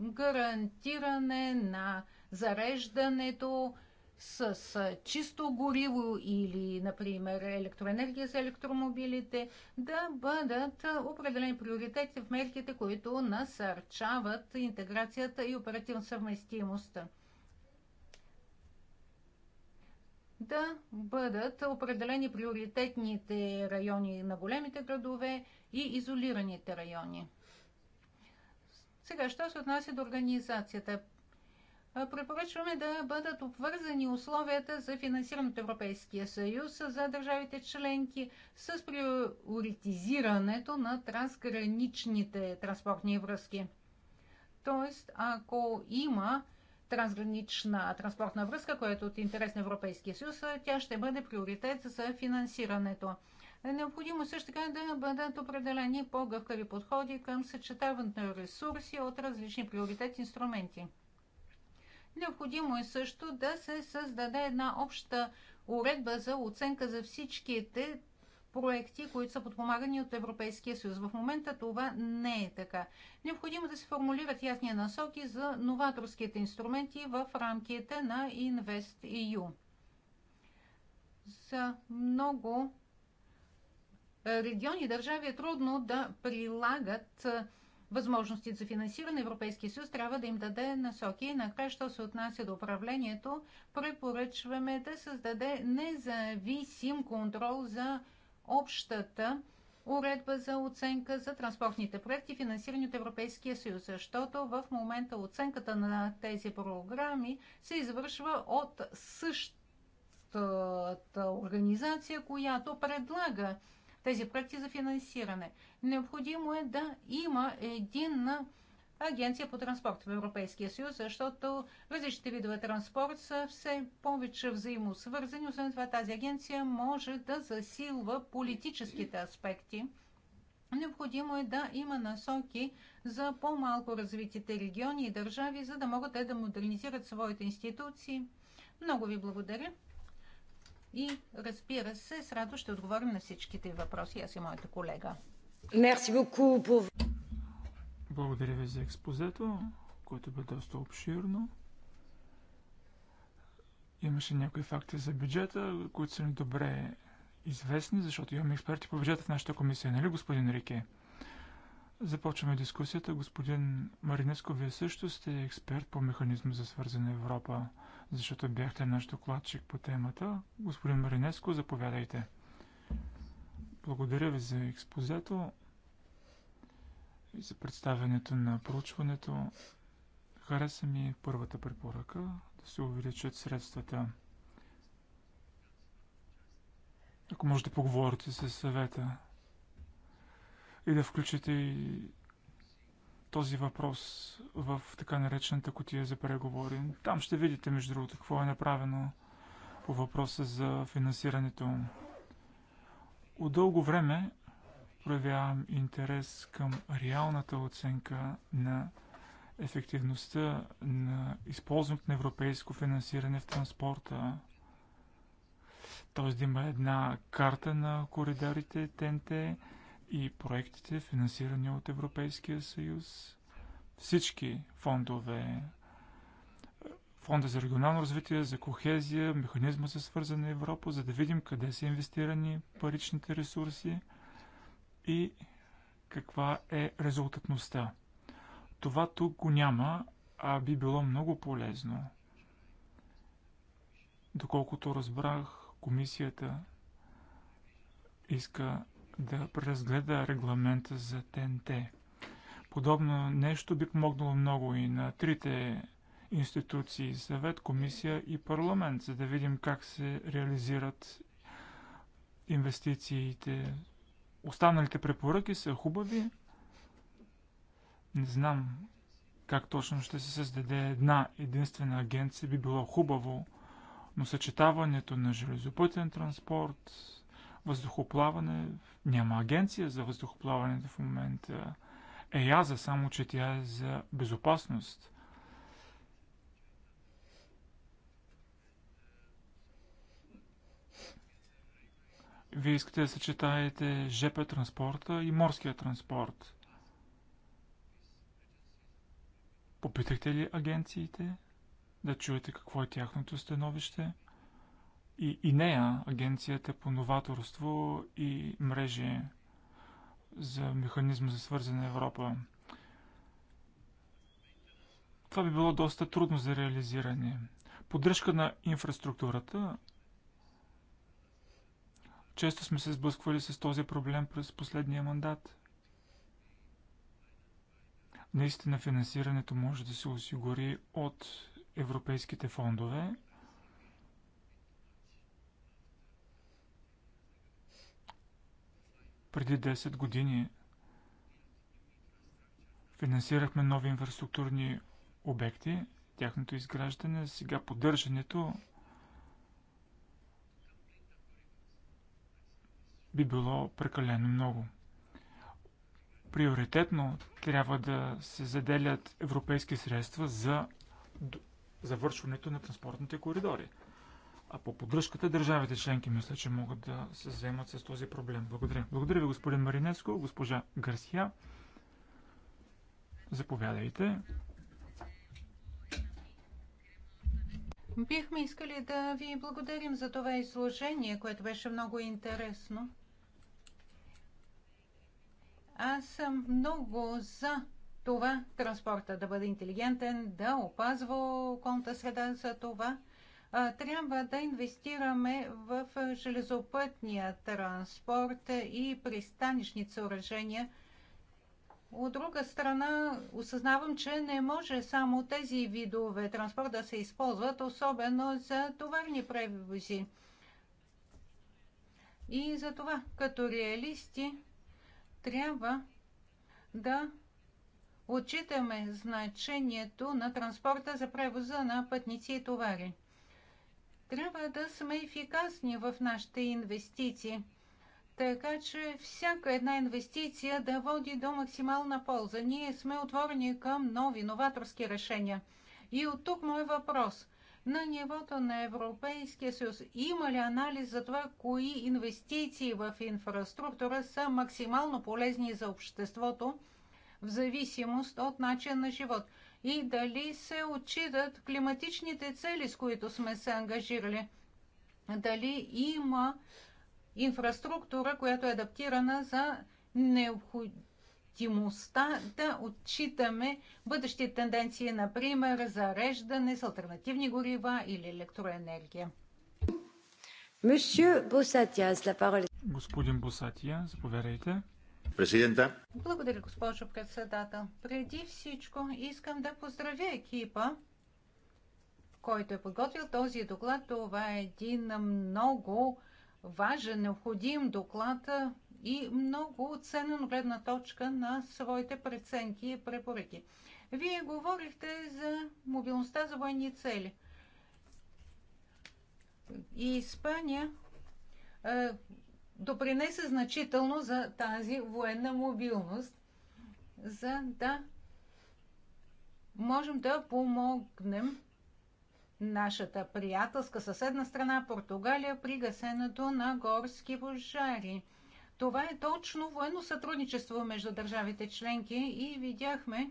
гарантиране на зареждането, с чисто гориво или, например, електроенергия за електромобилите, да бъдат определени приоритети в мерките, които насърчават интеграцията и оперативна съвместимост. Да бъдат определени приоритетните райони на големите градове и изолираните райони. Сега, що се отнася до организацията? Е, препоръчваме да бъдат обвързани условията за финансиране от Европейския съюз за държавите членки с приоритизирането на трансграничните транспортни връзки. Тоест, ако има трансгранична транспортна връзка, която е от интерес на Европейския съюз, тя ще бъде приоритет за финансирането. Необходимо също така да бъдат определени по-гъвкави подходи към съчетаването на ресурси от различни приоритет инструменти. Необходимо е също да се създаде една обща уредба за оценка за всичките проекти, които са подпомагани от Европейския съюз. В момента това не е така. Необходимо да се формулират ясни насоки за новаторските инструменти в рамките на InvestEU. За много региони и държави е трудно да прилагат Възможности за финансиране, Европейския съюз трябва да им даде насоки. И накрая, що се отнася до управлението, препоръчваме да създаде независим контрол за общата уредба за оценка за транспортните проекти, финансирани от Европейския съюз, защото в момента оценката на тези програми се извършва от същата организация, която предлага тези проекти за финансиране. Необходимо е да има един агенция по транспорт в Европейския съюз, защото различните видове транспорт са все повече взаимосвързани. Освен това, тази агенция може да засилва политическите аспекти. Необходимо е да има насоки за по-малко развитите региони и държави, за да могат те да модернизират своите институции. Много ви благодаря. И разбира се, с радост ще отговорим на всичките въпроси, аз и моята колега. Благодаря ви за експозето, което бе доста обширно. Имаше някои факти за бюджета, които са ни добре известни, защото имаме експерти по бюджета в нашата комисия, нали, господин Рике? Започваме дискусията. Господин Маринеско, вие също сте експерт по механизма за свързана Европа защото бяхте наш докладчик по темата. Господин Маринеско, заповядайте. Благодаря ви за експозето и за представянето на проучването. Хареса ми първата препоръка да се увеличат средствата. Ако може да поговорите с съвета и да включите и този въпрос в така наречената котия за преговори. Там ще видите, между другото, какво е направено по въпроса за финансирането. От дълго време проявявам интерес към реалната оценка на ефективността на използването на европейско финансиране в транспорта. Тоест да има една карта на коридорите, тенте, и проектите, финансирани от Европейския съюз, всички фондове, фонда за регионално развитие, за кохезия, механизма за свързана Европа, за да видим къде са инвестирани паричните ресурси и каква е резултатността. Това тук го няма, а би било много полезно. Доколкото разбрах, комисията иска да преразгледа регламента за ТНТ. Подобно нещо би помогнало много и на трите институции съвет, комисия и парламент, за да видим как се реализират инвестициите. Останалите препоръки са хубави. Не знам как точно ще се създаде една единствена агенция, би било хубаво, но съчетаването на железопътен транспорт, въздухоплаване. Няма агенция за въздухоплаването в момента. ЕЯЗа, само че тя е за безопасност. Вие искате да съчетаете ЖП транспорта и морския транспорт. Попитахте ли агенциите да чуете какво е тяхното становище? и ИНЕА, Агенцията по новаторство и мрежи за механизма за свързана Европа. Това би било доста трудно за реализиране. Поддръжка на инфраструктурата. Често сме се сблъсквали с този проблем през последния мандат. Наистина финансирането може да се осигури от европейските фондове, Преди 10 години финансирахме нови инфраструктурни обекти, тяхното изграждане, сега поддържането би било прекалено много. Приоритетно трябва да се заделят европейски средства за завършването на транспортните коридори. А по поддръжката държавите членки мисля, че могат да се вземат с този проблем. Благодаря. Благодаря ви, господин Маринецко, госпожа Гарсия. Заповядайте. Бихме искали да ви благодарим за това изложение, което беше много интересно. Аз съм много за това транспорта да бъде интелигентен, да опазва околната среда за това трябва да инвестираме в железопътния транспорт и пристанищни съоръжения. От друга страна, осъзнавам, че не може само тези видове транспорт да се използват, особено за товарни превози. И за това, като реалисти, трябва да отчитаме значението на транспорта за превоза на пътници и товари. Трябва да сме ефикасни в нашите инвестиции, така че всяка една инвестиция да води до максимална полза. Ние сме отворени към нови новаторски решения. И от тук мой въпрос – на нивото на Европейския съюз? Има ли анализ за това, кои инвестиции в инфраструктура са максимално полезни за обществото в зависимост от начин на живот? и дали се отчитат климатичните цели, с които сме се ангажирали. Дали има инфраструктура, която е адаптирана за необходимостта да отчитаме бъдещи тенденции, например, зареждане с альтернативни горива или електроенергия. Господин Босатия, заповядайте. Президента. Благодаря, госпожо председател. Преди всичко искам да поздравя екипа, който е подготвил този доклад. Това е един много важен, необходим доклад и много ценен гледна точка на своите преценки и препоръки. Вие говорихте за мобилността за военни цели. И Испания е, допринесе значително за тази военна мобилност, за да можем да помогнем нашата приятелска съседна страна Португалия при гасенето на горски пожари. Това е точно военно сътрудничество между държавите членки и видяхме,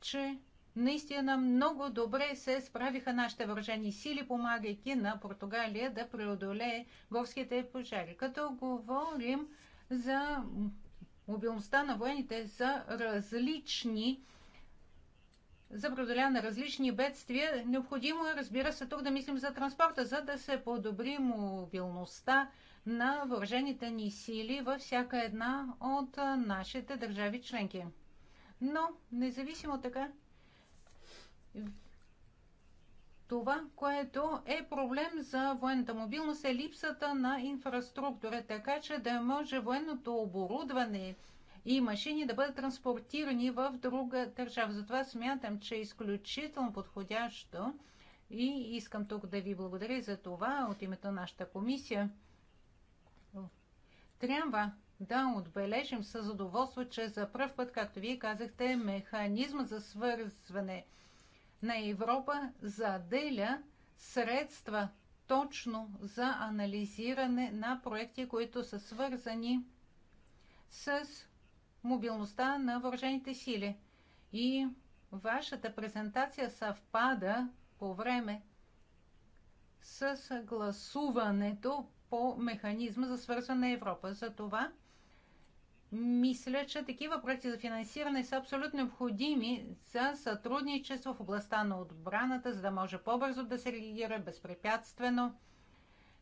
че Наистина много добре се справиха нашите въоръжени сили, помагайки на Португалия да преодолее горските пожари. Като говорим за мобилността на военните за различни за преодоляване на различни бедствия. Необходимо е, разбира се, тук да мислим за транспорта, за да се подобри мобилността на въоръжените ни сили във всяка една от нашите държави членки. Но, независимо така, това, което е проблем за военната мобилност е липсата на инфраструктура, така че да може военното оборудване и машини да бъдат транспортирани в друга държава. Затова смятам, че е изключително подходящо и искам тук да ви благодаря за това от името на нашата комисия. Трябва да отбележим със задоволство, че за първ път, както вие казахте, механизма за свързване – на Европа заделя средства точно за анализиране на проекти, които са свързани с мобилността на въоръжените сили. И вашата презентация съвпада по време с гласуването по механизма за свързване на Европа. За това мисля, че такива проекти за финансиране са абсолютно необходими за сътрудничество в областта на отбраната, за да може по-бързо да се реагира безпрепятствено,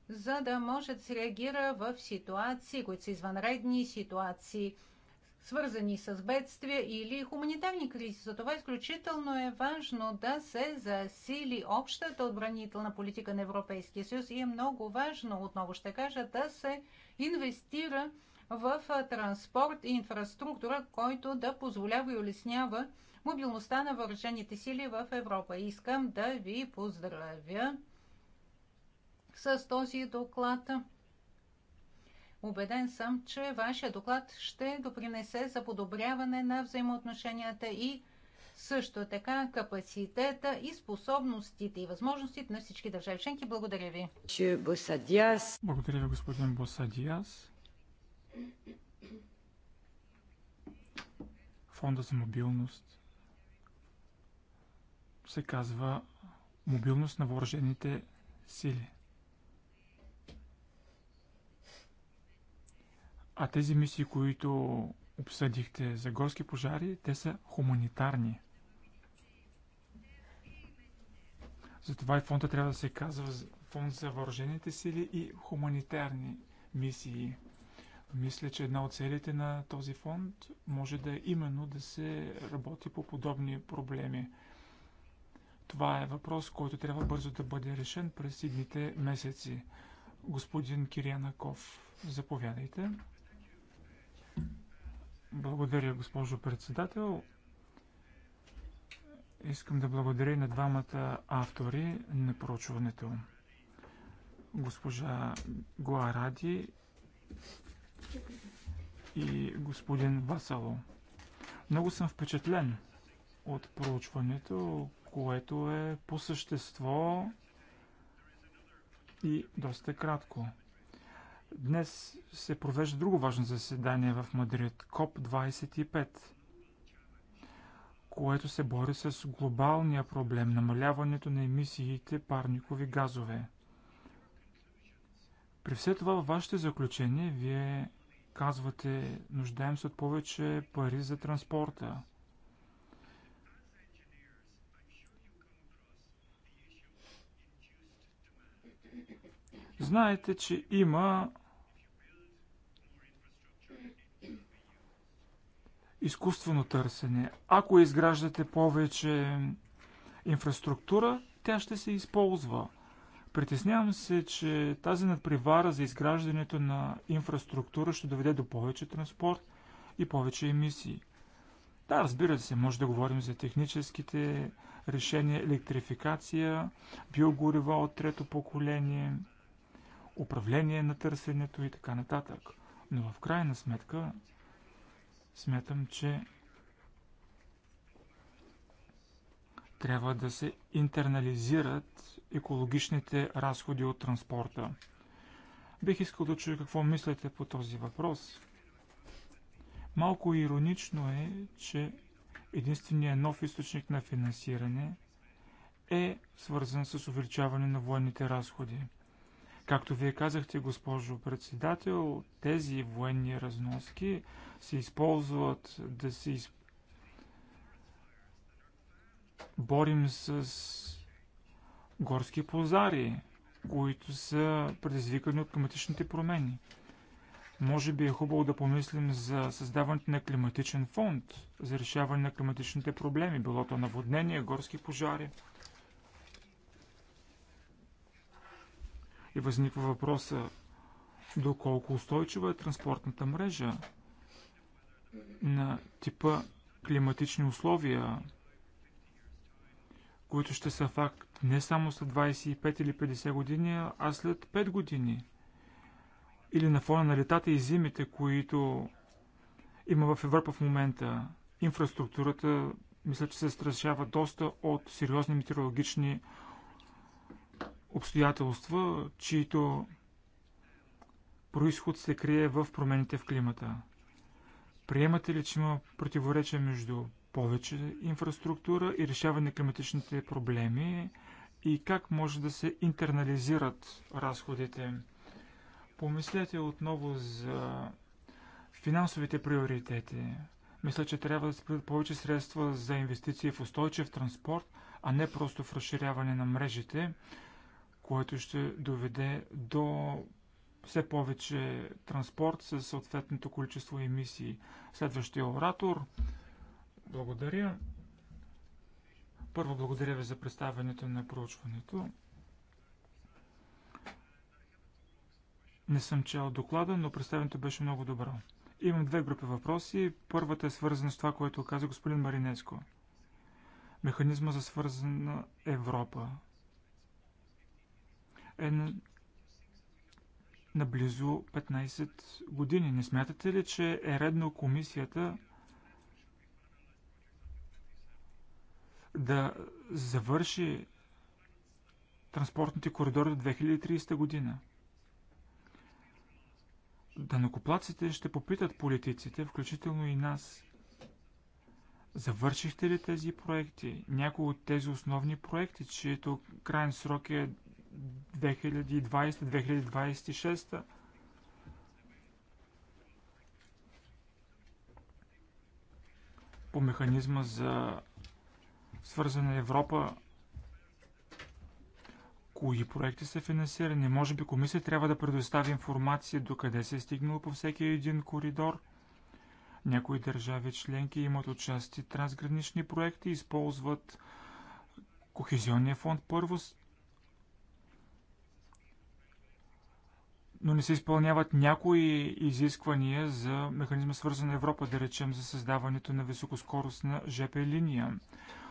за да може да се реагира в ситуации, които са извънредни, ситуации, свързани с бедствия или хуманитарни кризи. Затова изключително е важно да се засили общата отбранителна политика на Европейския съюз и е много важно, отново ще кажа, да се инвестира в транспорт и инфраструктура, който да позволява и улеснява мобилността на въоръжените сили в Европа. Искам да ви поздравя с този доклад. Убеден съм, че вашия доклад ще допринесе за подобряване на взаимоотношенията и също така капацитета и способностите и възможностите на всички държави Благодаря ви. Благодаря ви, господин Босадиас. Фонда за мобилност се казва мобилност на въоръжените сили. А тези мисии, които обсъдихте за горски пожари, те са хуманитарни. Затова и фонда трябва да се казва фонд за въоръжените сили и хуманитарни мисии. Мисля, че една от целите на този фонд може да е именно да се работи по подобни проблеми. Това е въпрос, който трябва бързо да бъде решен през идните месеци. Господин Кирянаков, заповядайте. Благодаря, госпожо председател. Искам да благодаря на двамата автори на проучването. Госпожа Гуаради и господин Васало. Много съм впечатлен от проучването, което е по същество и доста кратко. Днес се провежда друго важно заседание в Мадрид КОП-25, което се бори с глобалния проблем намаляването на емисиите парникови газове. При все това във вашите заключения вие Казвате, нуждаем се от повече пари за транспорта. Знаете, че има изкуствено търсене. Ако изграждате повече инфраструктура, тя ще се използва. Притеснявам се, че тази надпревара за изграждането на инфраструктура ще доведе до повече транспорт и повече емисии. Да, разбира се, може да говорим за техническите решения, електрификация, биогорива от трето поколение, управление на търсенето и така нататък. Но в крайна сметка смятам, че трябва да се интернализират екологичните разходи от транспорта. Бих искал да чуя какво мислите по този въпрос. Малко иронично е, че единственият нов източник на финансиране е свързан с увеличаване на военните разходи. Както вие казахте, госпожо председател, тези военни разноски се използват да се изп... борим с горски пожари, които са предизвикани от климатичните промени. Може би е хубаво да помислим за създаването на климатичен фонд за решаване на климатичните проблеми, било то наводнение, горски пожари. И възниква въпроса доколко устойчива е транспортната мрежа на типа климатични условия, които ще са факт не само след 25 или 50 години, а след 5 години. Или на фона на летата и зимите, които има в Европа в момента. Инфраструктурата, мисля, че се страшава доста от сериозни метеорологични обстоятелства, чието происход се крие в промените в климата. Приемате ли, че има противоречие между повече инфраструктура и решаване на климатичните проблеми и как може да се интернализират разходите. Помислете отново за финансовите приоритети. Мисля, че трябва да се предвидят повече средства за инвестиции в устойчив транспорт, а не просто в разширяване на мрежите, което ще доведе до все повече транспорт със съответното количество емисии. Следващия оратор. Благодаря. Първо благодаря ви за представянето на проучването. Не съм чел доклада, но представянето беше много добро. Имам две групи въпроси. Първата е свързана с това, което каза господин Маринеско. Механизма за свързана Европа е на... наблизо 15 години. Не смятате ли, че е редно комисията да завърши транспортните коридори до 2030 година. Данокоплаците ще попитат политиците, включително и нас. Завършихте ли тези проекти? Някои от тези основни проекти, чието крайен срок е 2020-2026. По механизма за свързана Европа, кои проекти са финансирани. Може би комисия трябва да предостави информация до къде се е стигнало по всеки един коридор. Някои държави членки имат отчасти трансгранични проекти, използват Кохезионния фонд първо, но не се изпълняват някои изисквания за механизма свързана Европа, да речем за създаването на високоскоростна ЖП линия.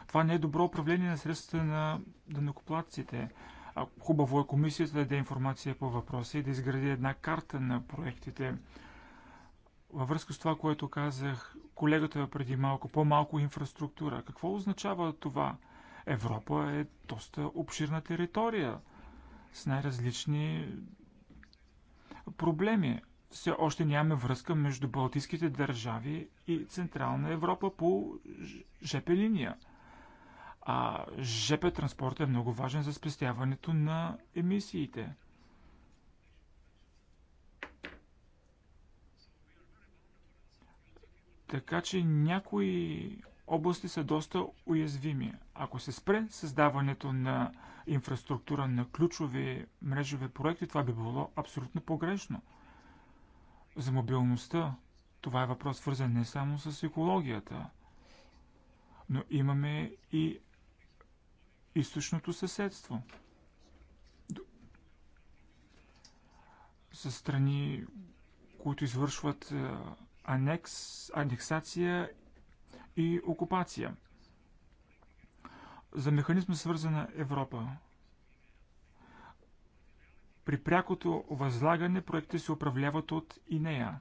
Това не е добро управление на средствата на данокоплатците. Хубаво е комисията да даде информация по въпроса и да изгради една карта на проектите. Във връзка с това, което казах колегата преди малко, по-малко инфраструктура. Какво означава това? Европа е доста обширна територия с най-различни проблеми. Все още нямаме връзка между Балтийските държави и Централна Европа по ЖП линия. А ЖП транспорт е много важен за спестяването на емисиите. Така че някои области са доста уязвими. Ако се спре създаването на инфраструктура на ключови мрежови проекти, това би било абсолютно погрешно. За мобилността това е въпрос свързан не само с екологията, но имаме и източното съседство. за страни, които извършват анекс, анексация и окупация. За механизма свързана Европа. При прякото възлагане проекти се управляват от нея.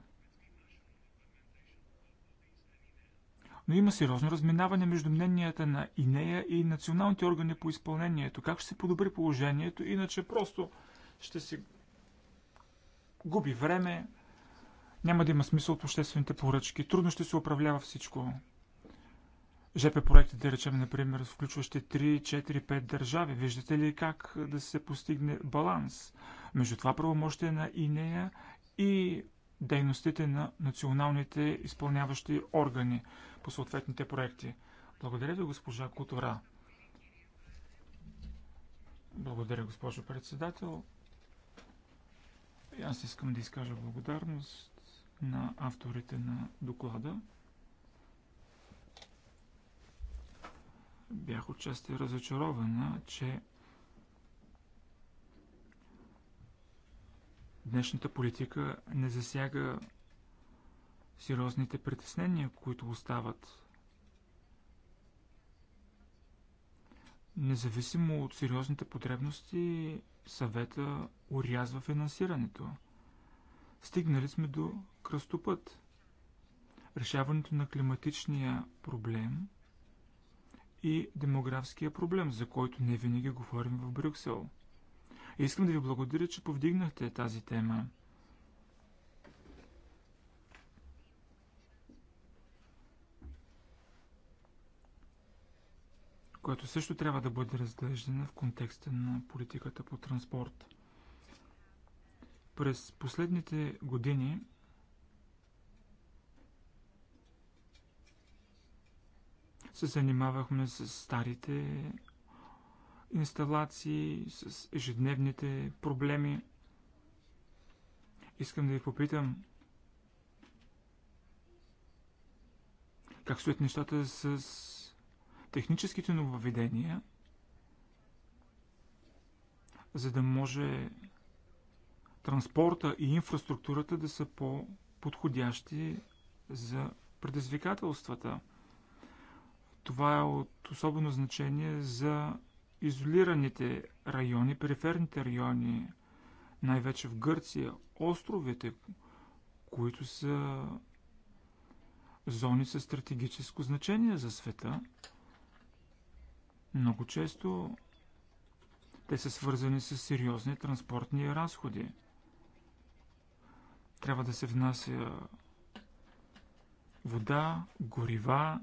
но има сериозно разминаване между мненията на ИНЕЯ и националните органи по изпълнението. Как ще се подобри положението, иначе просто ще си губи време, няма да има смисъл от обществените поръчки, трудно ще се управлява всичко. ЖП проекти, да речем, например, включващи 3, 4, 5 държави. Виждате ли как да се постигне баланс между това правомощие на ИНЕЯ и дейностите на националните изпълняващи органи по съответните проекти. Благодаря ви, госпожа Кутора. Благодаря, госпожо председател. И аз искам да изкажа благодарност на авторите на доклада. Бях отчасти разочарована, че Днешната политика не засяга сериозните притеснения, които остават. Независимо от сериозните потребности, съвета урязва финансирането. Стигнали сме до кръстопът. Решаването на климатичния проблем и демографския проблем, за който не винаги говорим в Брюксел – Искам да ви благодаря, че повдигнахте тази тема. Което също трябва да бъде разглеждана в контекста на политиката по транспорт. През последните години се занимавахме с старите инсталации, с ежедневните проблеми. Искам да ви попитам, как стоят нещата с техническите нововведения, за да може транспорта и инфраструктурата да са по-подходящи за предизвикателствата. Това е от особено значение за изолираните райони, периферните райони, най-вече в Гърция, островите, които са зони със стратегическо значение за света. Много често те са свързани с сериозни транспортни разходи. Трябва да се внася вода, горива,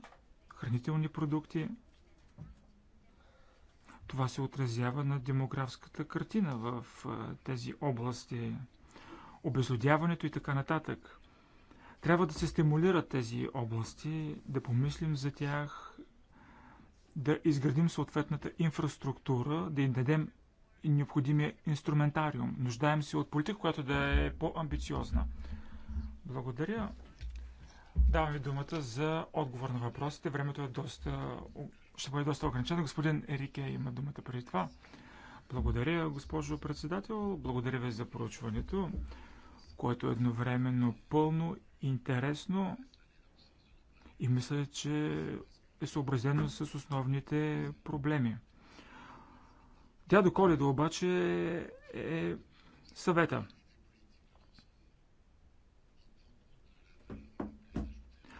хранителни продукти – това се отразява на демографската картина в тези области, обезлюдяването и така нататък. Трябва да се стимулират тези области, да помислим за тях, да изградим съответната инфраструктура, да им дадем необходимия инструментариум. Нуждаем се от политика, която да е по-амбициозна. Благодаря. Давам ви думата за отговор на въпросите. Времето е доста ще бъде доста ограничена. Господин Ерике има думата преди това. Благодаря, госпожо председател. Благодаря ви за проучването, което е едновременно пълно, интересно и мисля, че е съобразено с основните проблеми. Дядо Коледа обаче е съвета.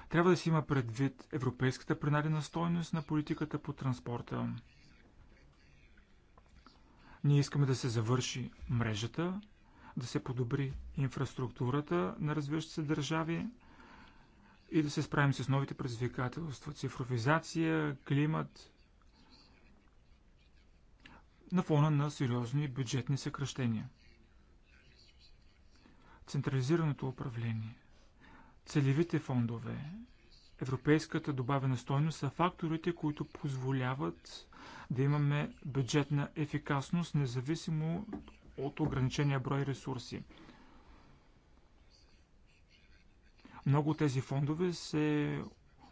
Трябва да се има предвид европейската принадена стойност на политиката по транспорта. Ние искаме да се завърши мрежата, да се подобри инфраструктурата на развиващите се държави и да се справим с новите предизвикателства. Цифровизация, климат, на фона на сериозни бюджетни съкръщения. Централизираното управление. Целевите фондове, европейската добавена стойност са факторите, които позволяват да имаме бюджетна ефикасност, независимо от ограничения брой ресурси. Много от тези фондове се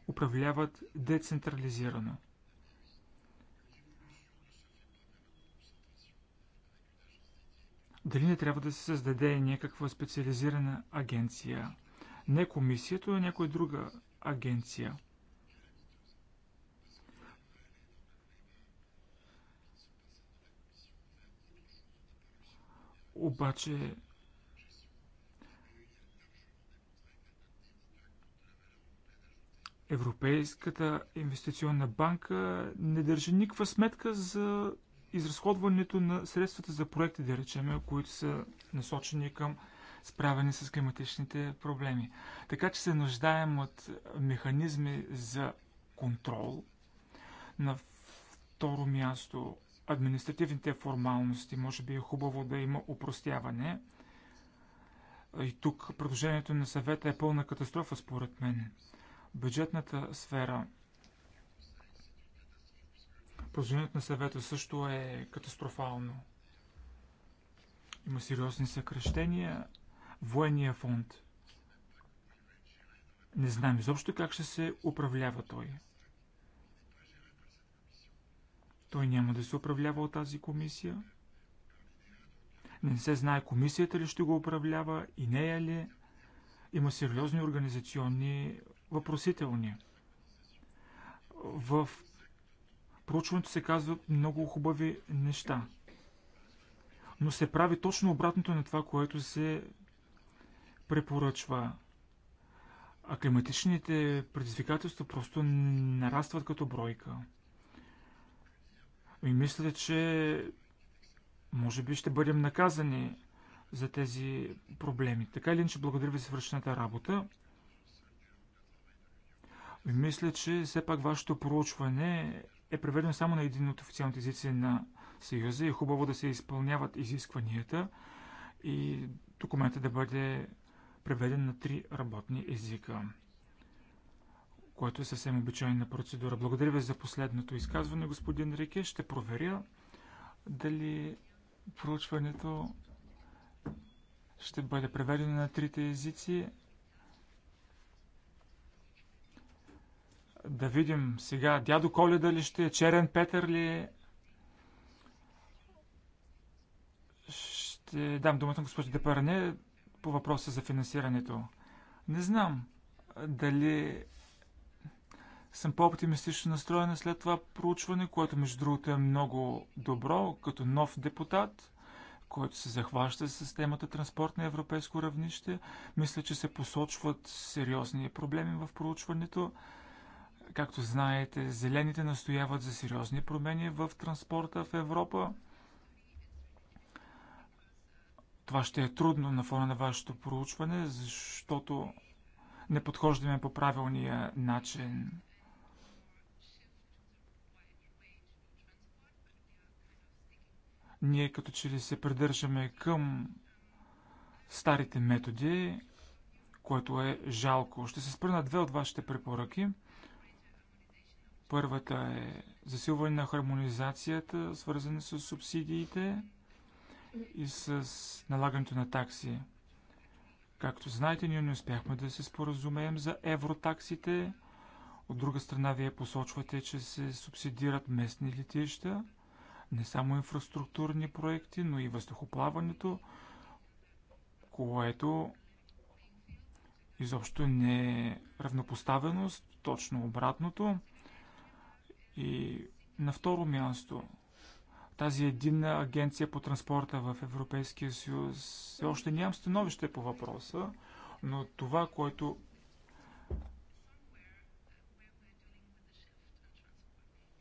управляват децентрализирано. Дали не трябва да се създаде някаква специализирана агенция? Не комисията, а някоя друга агенция. Обаче Европейската инвестиционна банка не държи никаква сметка за изразходването на средствата за проекти, да речем, които са насочени към справяне с климатичните проблеми. Така че се нуждаем от механизми за контрол. На второ място административните формалности. Може би е хубаво да има упростяване. И тук предложението на съвета е пълна катастрофа, според мен. Бюджетната сфера. Предложението на съвета също е катастрофално. Има сериозни съкръщения военния фонд. Не знам изобщо как ще се управлява той. Той няма да се управлява от тази комисия. Не се знае комисията ли ще го управлява и нея ли. Има сериозни организационни въпросителни. В проучването се казват много хубави неща. Но се прави точно обратното на това, което се препоръчва. А климатичните предизвикателства просто нарастват като бройка. И мисля, че може би ще бъдем наказани за тези проблеми. Така или иначе, благодаря ви за свършената работа. И мисля, че все пак вашето проучване е преведено само на един от официалните езици на Съюза и е хубаво да се изпълняват изискванията и документът да бъде преведен на три работни езика, което е съвсем обичайна процедура. Благодаря ви за последното изказване, господин Рике. Ще проверя дали проучването ще бъде преведено на трите езици. Да видим сега, дядо Коледа ли ще е, Черен Петър ли е? Ще дам думата на господин Депарне по въпроса за финансирането. Не знам дали съм по-оптимистично настроена след това проучване, което между другото е много добро, като нов депутат, който се захваща с темата транспорт на европейско равнище. Мисля, че се посочват сериозни проблеми в проучването. Както знаете, зелените настояват за сериозни промени в транспорта в Европа. Това ще е трудно на фона на вашето проучване, защото не подхождаме по правилния начин. Ние като че ли се придържаме към старите методи, което е жалко. Ще се спра на две от вашите препоръки. Първата е засилване на хармонизацията, свързана с субсидиите – и с налагането на такси. Както знаете, ние не успяхме да се споразумеем за евротаксите. От друга страна, вие посочвате, че се субсидират местни летища, не само инфраструктурни проекти, но и въздухоплаването, което изобщо не е равнопоставеност, точно обратното. И на второ място – тази единна агенция по транспорта в Европейския съюз. Все още нямам становище по въпроса, но това, което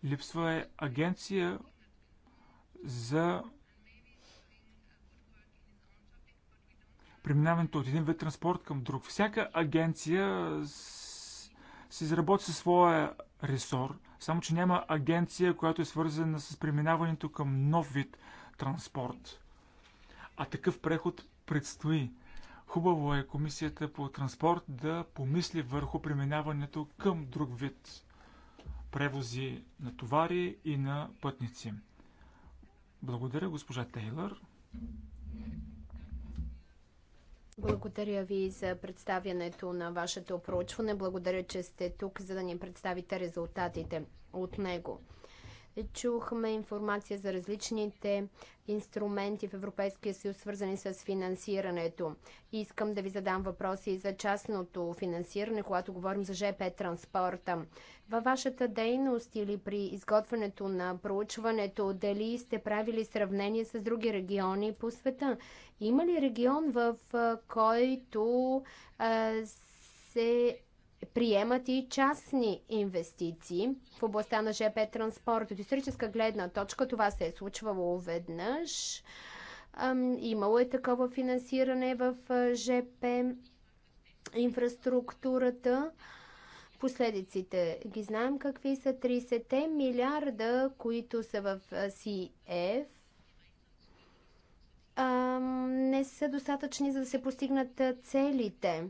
липсва е агенция за преминаването от един вид транспорт към друг. Всяка агенция се изработи със своя ресор – само, че няма агенция, която е свързана с преминаването към нов вид транспорт. А такъв преход предстои. Хубаво е комисията по транспорт да помисли върху преминаването към друг вид превози на товари и на пътници. Благодаря, госпожа Тейлър. Благодаря ви за представянето на вашето проучване. Благодаря, че сте тук, за да ни представите резултатите от него. Чухме информация за различните инструменти в Европейския съюз, свързани с финансирането. Искам да ви задам въпроси за частното финансиране, когато говорим за ЖП транспорта. Във вашата дейност или при изготвянето на проучването, дали сте правили сравнение с други региони по света? Има ли регион, в който а, се приемат и частни инвестиции в областта на ЖП транспорт. От историческа гледна точка това се е случвало веднъж. Имало е такова финансиране в ЖП инфраструктурата. Последиците ги знаем какви са 30 милиарда, които са в CF не са достатъчни, за да се постигнат целите.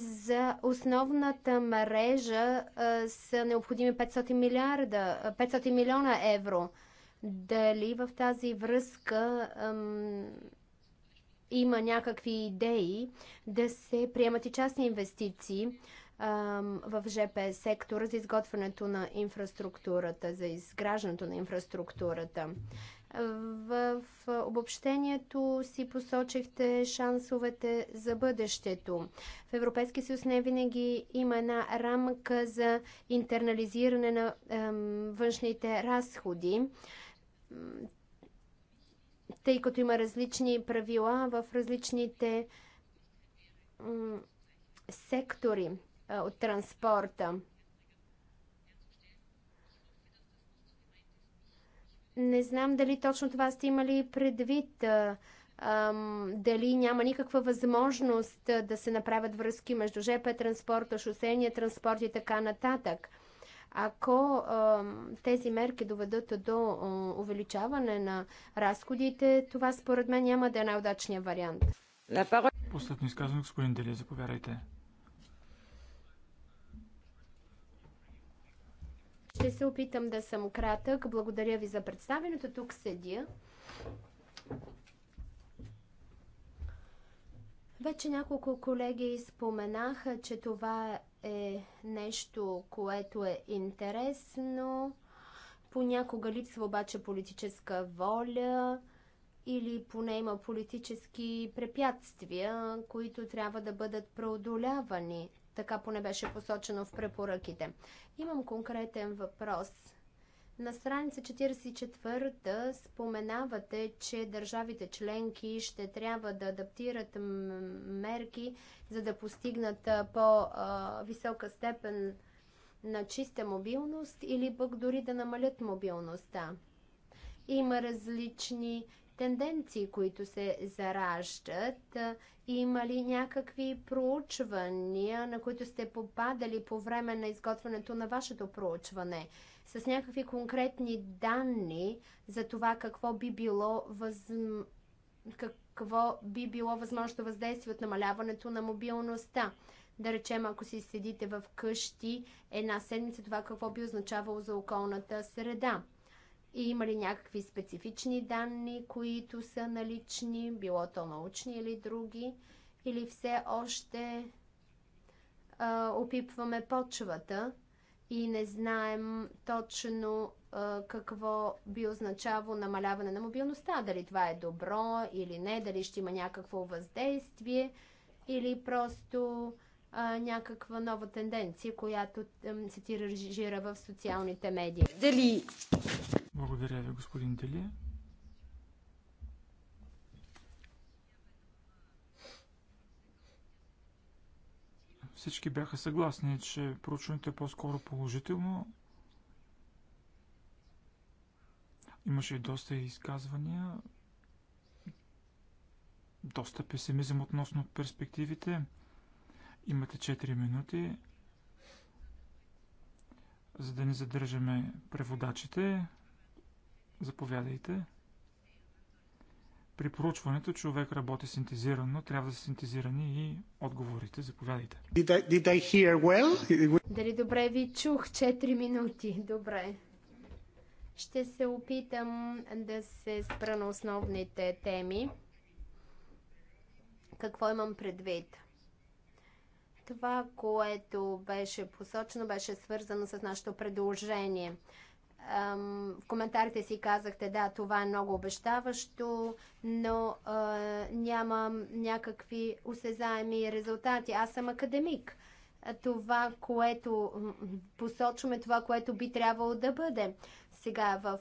За основната мрежа а, са необходими 500 милиарда, 500 милиона евро. Дали в тази връзка ам, има някакви идеи да се приемат и частни инвестиции ам, в ЖП сектора за изготвянето на инфраструктурата, за изграждането на инфраструктурата? В обобщението си посочихте шансовете за бъдещето. В Европейския съюз не винаги има една рамка за интернализиране на външните разходи, тъй като има различни правила в различните сектори е, от транспорта. Не знам дали точно това сте имали предвид. Ам, дали няма никаква възможност да се направят връзки между ЖП транспорта, шосения транспорт и така нататък. Ако ам, тези мерки доведат до ам, увеличаване на разходите, това според мен няма да е най-удачният вариант. Последно изказване, господин Дели, заповядайте. Ще се опитам да съм кратък. Благодаря ви за представенето. Тук седя. Вече няколко колеги споменаха, че това е нещо, което е интересно. Понякога липсва обаче политическа воля или поне има политически препятствия, които трябва да бъдат преодолявани. Така поне беше посочено в препоръките. Имам конкретен въпрос. На страница 44 споменавате, че държавите членки ще трябва да адаптират мерки, за да постигнат по-висока степен на чиста мобилност или пък дори да намалят мобилността. Има различни тенденции, които се зараждат? Има ли някакви проучвания, на които сте попадали по време на изготвянето на вашето проучване? С някакви конкретни данни за това какво би било възможно какво би било възможно въздействие от намаляването на мобилността. Да речем, ако си седите в къщи една седмица, това какво би означавало за околната среда. Има ли някакви специфични данни, които са налични, било то научни или други, или все още а, опипваме почвата и не знаем точно а, какво би означавало намаляване на мобилността, дали това е добро или не, дали ще има някакво въздействие или просто а, някаква нова тенденция, която а, се тиражира в социалните медии. Дали благодаря ви, господин Дели. Всички бяха съгласни, че проучването е по-скоро положително. Имаше и доста изказвания, доста песимизъм относно перспективите. Имате 4 минути, за да не задържаме преводачите. Заповядайте. При поручването човек работи синтезирано, трябва да са синтезирани и отговорите. Заповядайте. Did I, did I hear well? Дали добре ви чух? 4 минути. Добре. Ще се опитам да се спра на основните теми. Какво имам предвид? Това, което беше посочено, беше свързано с нашето предложение – в коментарите си казахте, да, това е много обещаващо, но а, нямам някакви осезаеми резултати. Аз съм академик. Това, което посочваме, това, което би трябвало да бъде. Сега в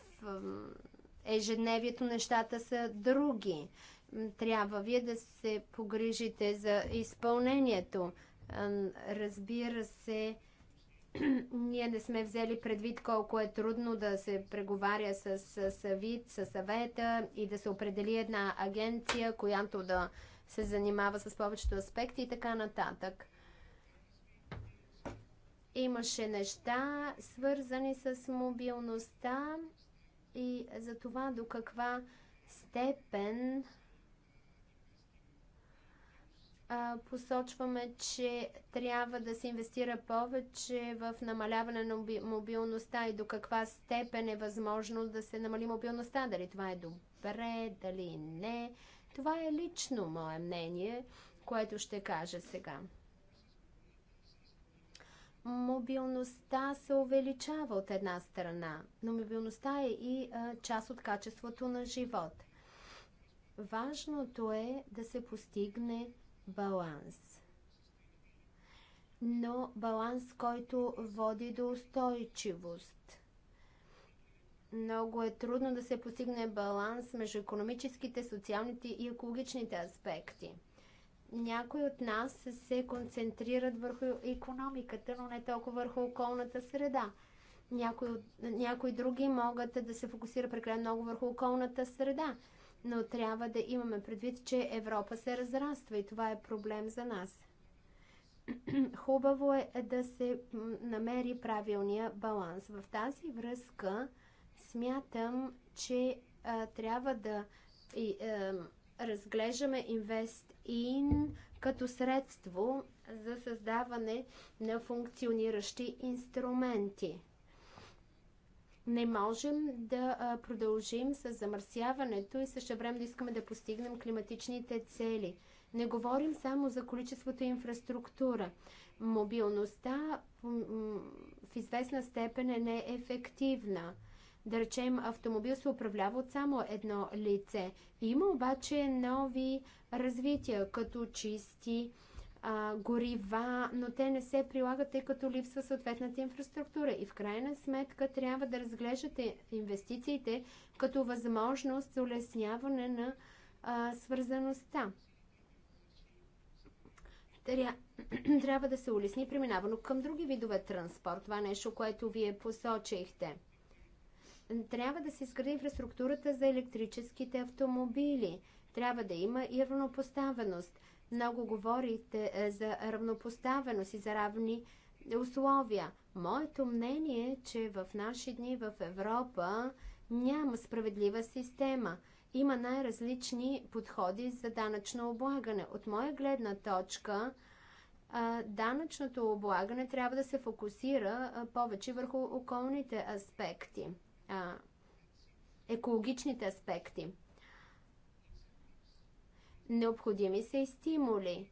ежедневието нещата са други. Трябва вие да се погрижите за изпълнението. Разбира се, <clears throat> ние не сме взели предвид колко е трудно да се преговаря с, с, съвит, с съвета и да се определи една агенция, която да се занимава с повечето аспекти и така нататък. Имаше неща, свързани с мобилността и за това до каква степен посочваме, че трябва да се инвестира повече в намаляване на мобилността и до каква степен е възможно да се намали мобилността. Дали това е добре, дали не. Това е лично мое мнение, което ще кажа сега. Мобилността се увеличава от една страна, но мобилността е и а, част от качеството на живот. Важното е да се постигне баланс. Но баланс, който води до устойчивост. Много е трудно да се постигне баланс между економическите, социалните и екологичните аспекти. Някои от нас се концентрират върху економиката, но не толкова върху околната среда. Някои, някои други могат да се фокусират прекалено много върху околната среда но трябва да имаме предвид, че Европа се разраства и това е проблем за нас. <clears throat> Хубаво е да се намери правилния баланс. В тази връзка смятам, че а, трябва да и, а, разглеждаме InvestIn като средство за създаване на функциониращи инструменти. Не можем да продължим с замърсяването и също време да искаме да постигнем климатичните цели. Не говорим само за количеството инфраструктура. Мобилността в известна степен е неефективна. Да речем, автомобил се управлява от само едно лице. Има обаче нови развития, като чисти, а, горива, но те не се прилагат, тъй като липсва съответната инфраструктура. И в крайна сметка трябва да разглеждате инвестициите като възможност за улесняване на а, свързаността. Тря... <clears throat> трябва да се улесни преминавано към други видове транспорт. Това нещо, което вие посочихте. Трябва да се изгради инфраструктурата за електрическите автомобили. Трябва да има и равнопоставеност много говорите е, за равнопоставеност и за равни условия. Моето мнение е, че в наши дни в Европа няма справедлива система. Има най-различни подходи за данъчно облагане. От моя гледна точка, данъчното облагане трябва да се фокусира повече върху околните аспекти, екологичните аспекти. Необходими са и стимули.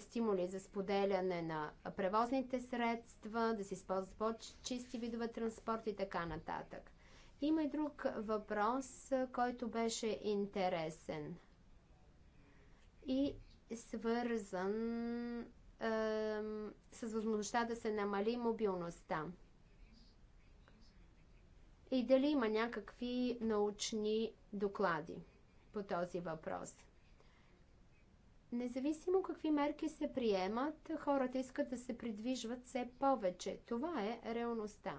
Стимули за споделяне на превозните средства, да се използват по-чисти видове транспорт и така нататък. Има и друг въпрос, който беше интересен и свързан е, с възможността да се намали мобилността. И дали има някакви научни доклади по този въпрос. Независимо какви мерки се приемат, хората искат да се придвижват все повече. Това е реалността.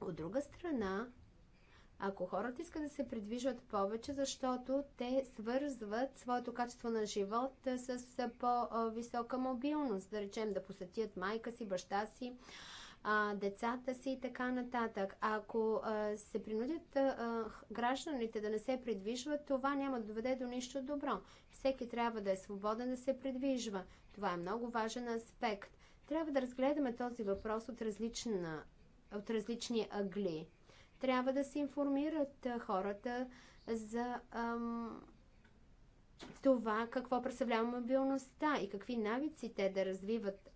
От друга страна, ако хората искат да се придвижват повече, защото те свързват своето качество на живот с по-висока мобилност, да речем да посетят майка си, баща си, а, децата си и така нататък. Ако а, се принудят а, гражданите да не се придвижват, това няма да доведе до нищо добро. Всеки трябва да е свободен да се придвижва. Това е много важен аспект. Трябва да разгледаме този въпрос от, различна, от различни агли. Трябва да се информират а, хората за ам, това какво представлява мобилността и какви навици те да развиват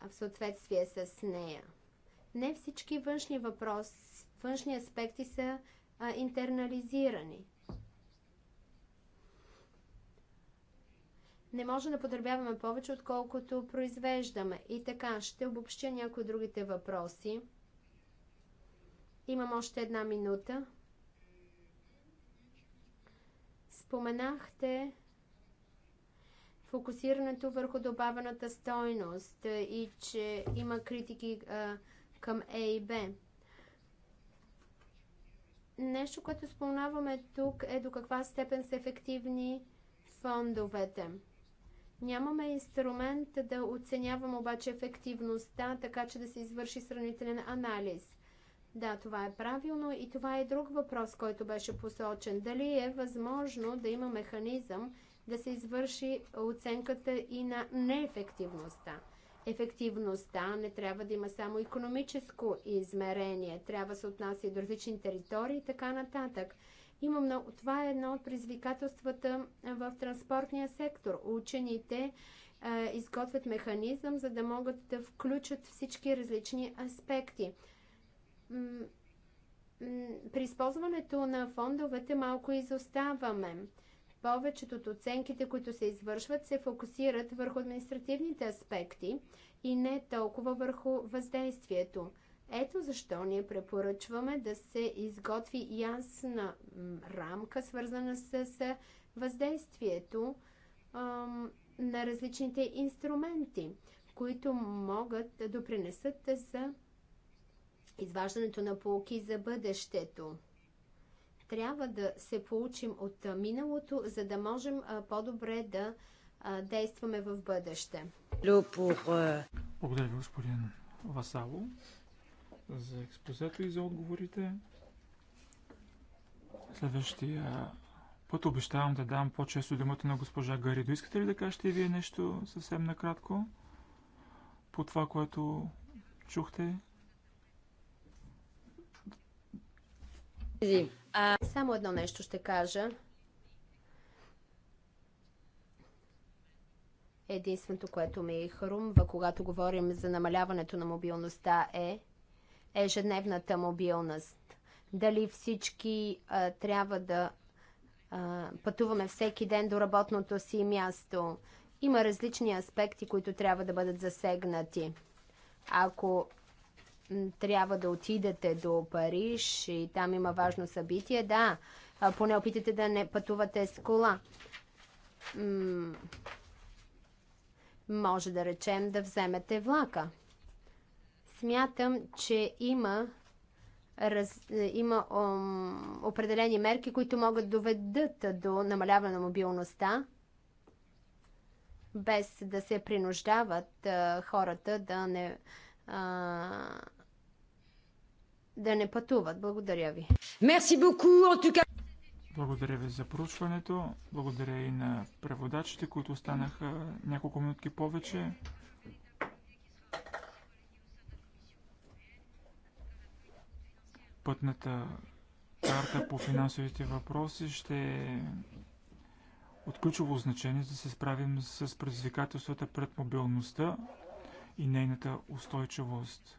в съответствие с нея. Не всички външни въпроси, външни аспекти са а, интернализирани. Не може да потребяваме повече, отколкото произвеждаме. И така, ще обобщя някои от другите въпроси. Имам още една минута. Споменахте фокусирането върху добавената стойност е, и че има критики а, към Е и Б. Нещо, което споменаваме тук е до каква степен са ефективни фондовете. Нямаме инструмент да оценявам обаче ефективността, така че да се извърши сравнителен анализ. Да, това е правилно и това е друг въпрос, който беше посочен. Дали е възможно да има механизъм, да се извърши оценката и на неефективността. Ефективността не трябва да има само економическо измерение, трябва да се отнася и до различни територии и така нататък. Има много... Това е едно от предизвикателствата в транспортния сектор. Учените е, изготвят механизъм, за да могат да включат всички различни аспекти. При използването на фондовете малко изоставаме. Повечето от оценките, които се извършват, се фокусират върху административните аспекти и не толкова върху въздействието. Ето защо ние препоръчваме да се изготви ясна рамка, свързана с въздействието на различните инструменти, които могат да допринесат за изваждането на полки за бъдещето. Трябва да се получим от миналото, за да можем по-добре да действаме в бъдеще. Благодаря ви, господин Васало, за експозето и за отговорите. Следващия път обещавам да дам по-често думата на госпожа Гаридо. Искате ли да кажете и вие нещо съвсем накратко по това, което чухте? Само едно нещо ще кажа. Единственото, което ми е хрумва, когато говорим за намаляването на мобилността е ежедневната мобилност. Дали всички а, трябва да а, пътуваме всеки ден до работното си място. Има различни аспекти, които трябва да бъдат засегнати. Ако трябва да отидете до Париж и там има важно събитие, да, поне опитате да не пътувате с кола. М може да речем да вземете влака. Смятам, че има, раз, има ом, определени мерки, които могат да доведат до намаляване на мобилността, без да се принуждават а, хората да не а, да не пътуват. Благодаря ви. Мерси Благодаря ви за проучването. Благодаря и на преводачите, които останаха няколко минутки повече. Пътната карта по финансовите въпроси ще е от ключово значение за да се справим с предизвикателствата пред мобилността и нейната устойчивост.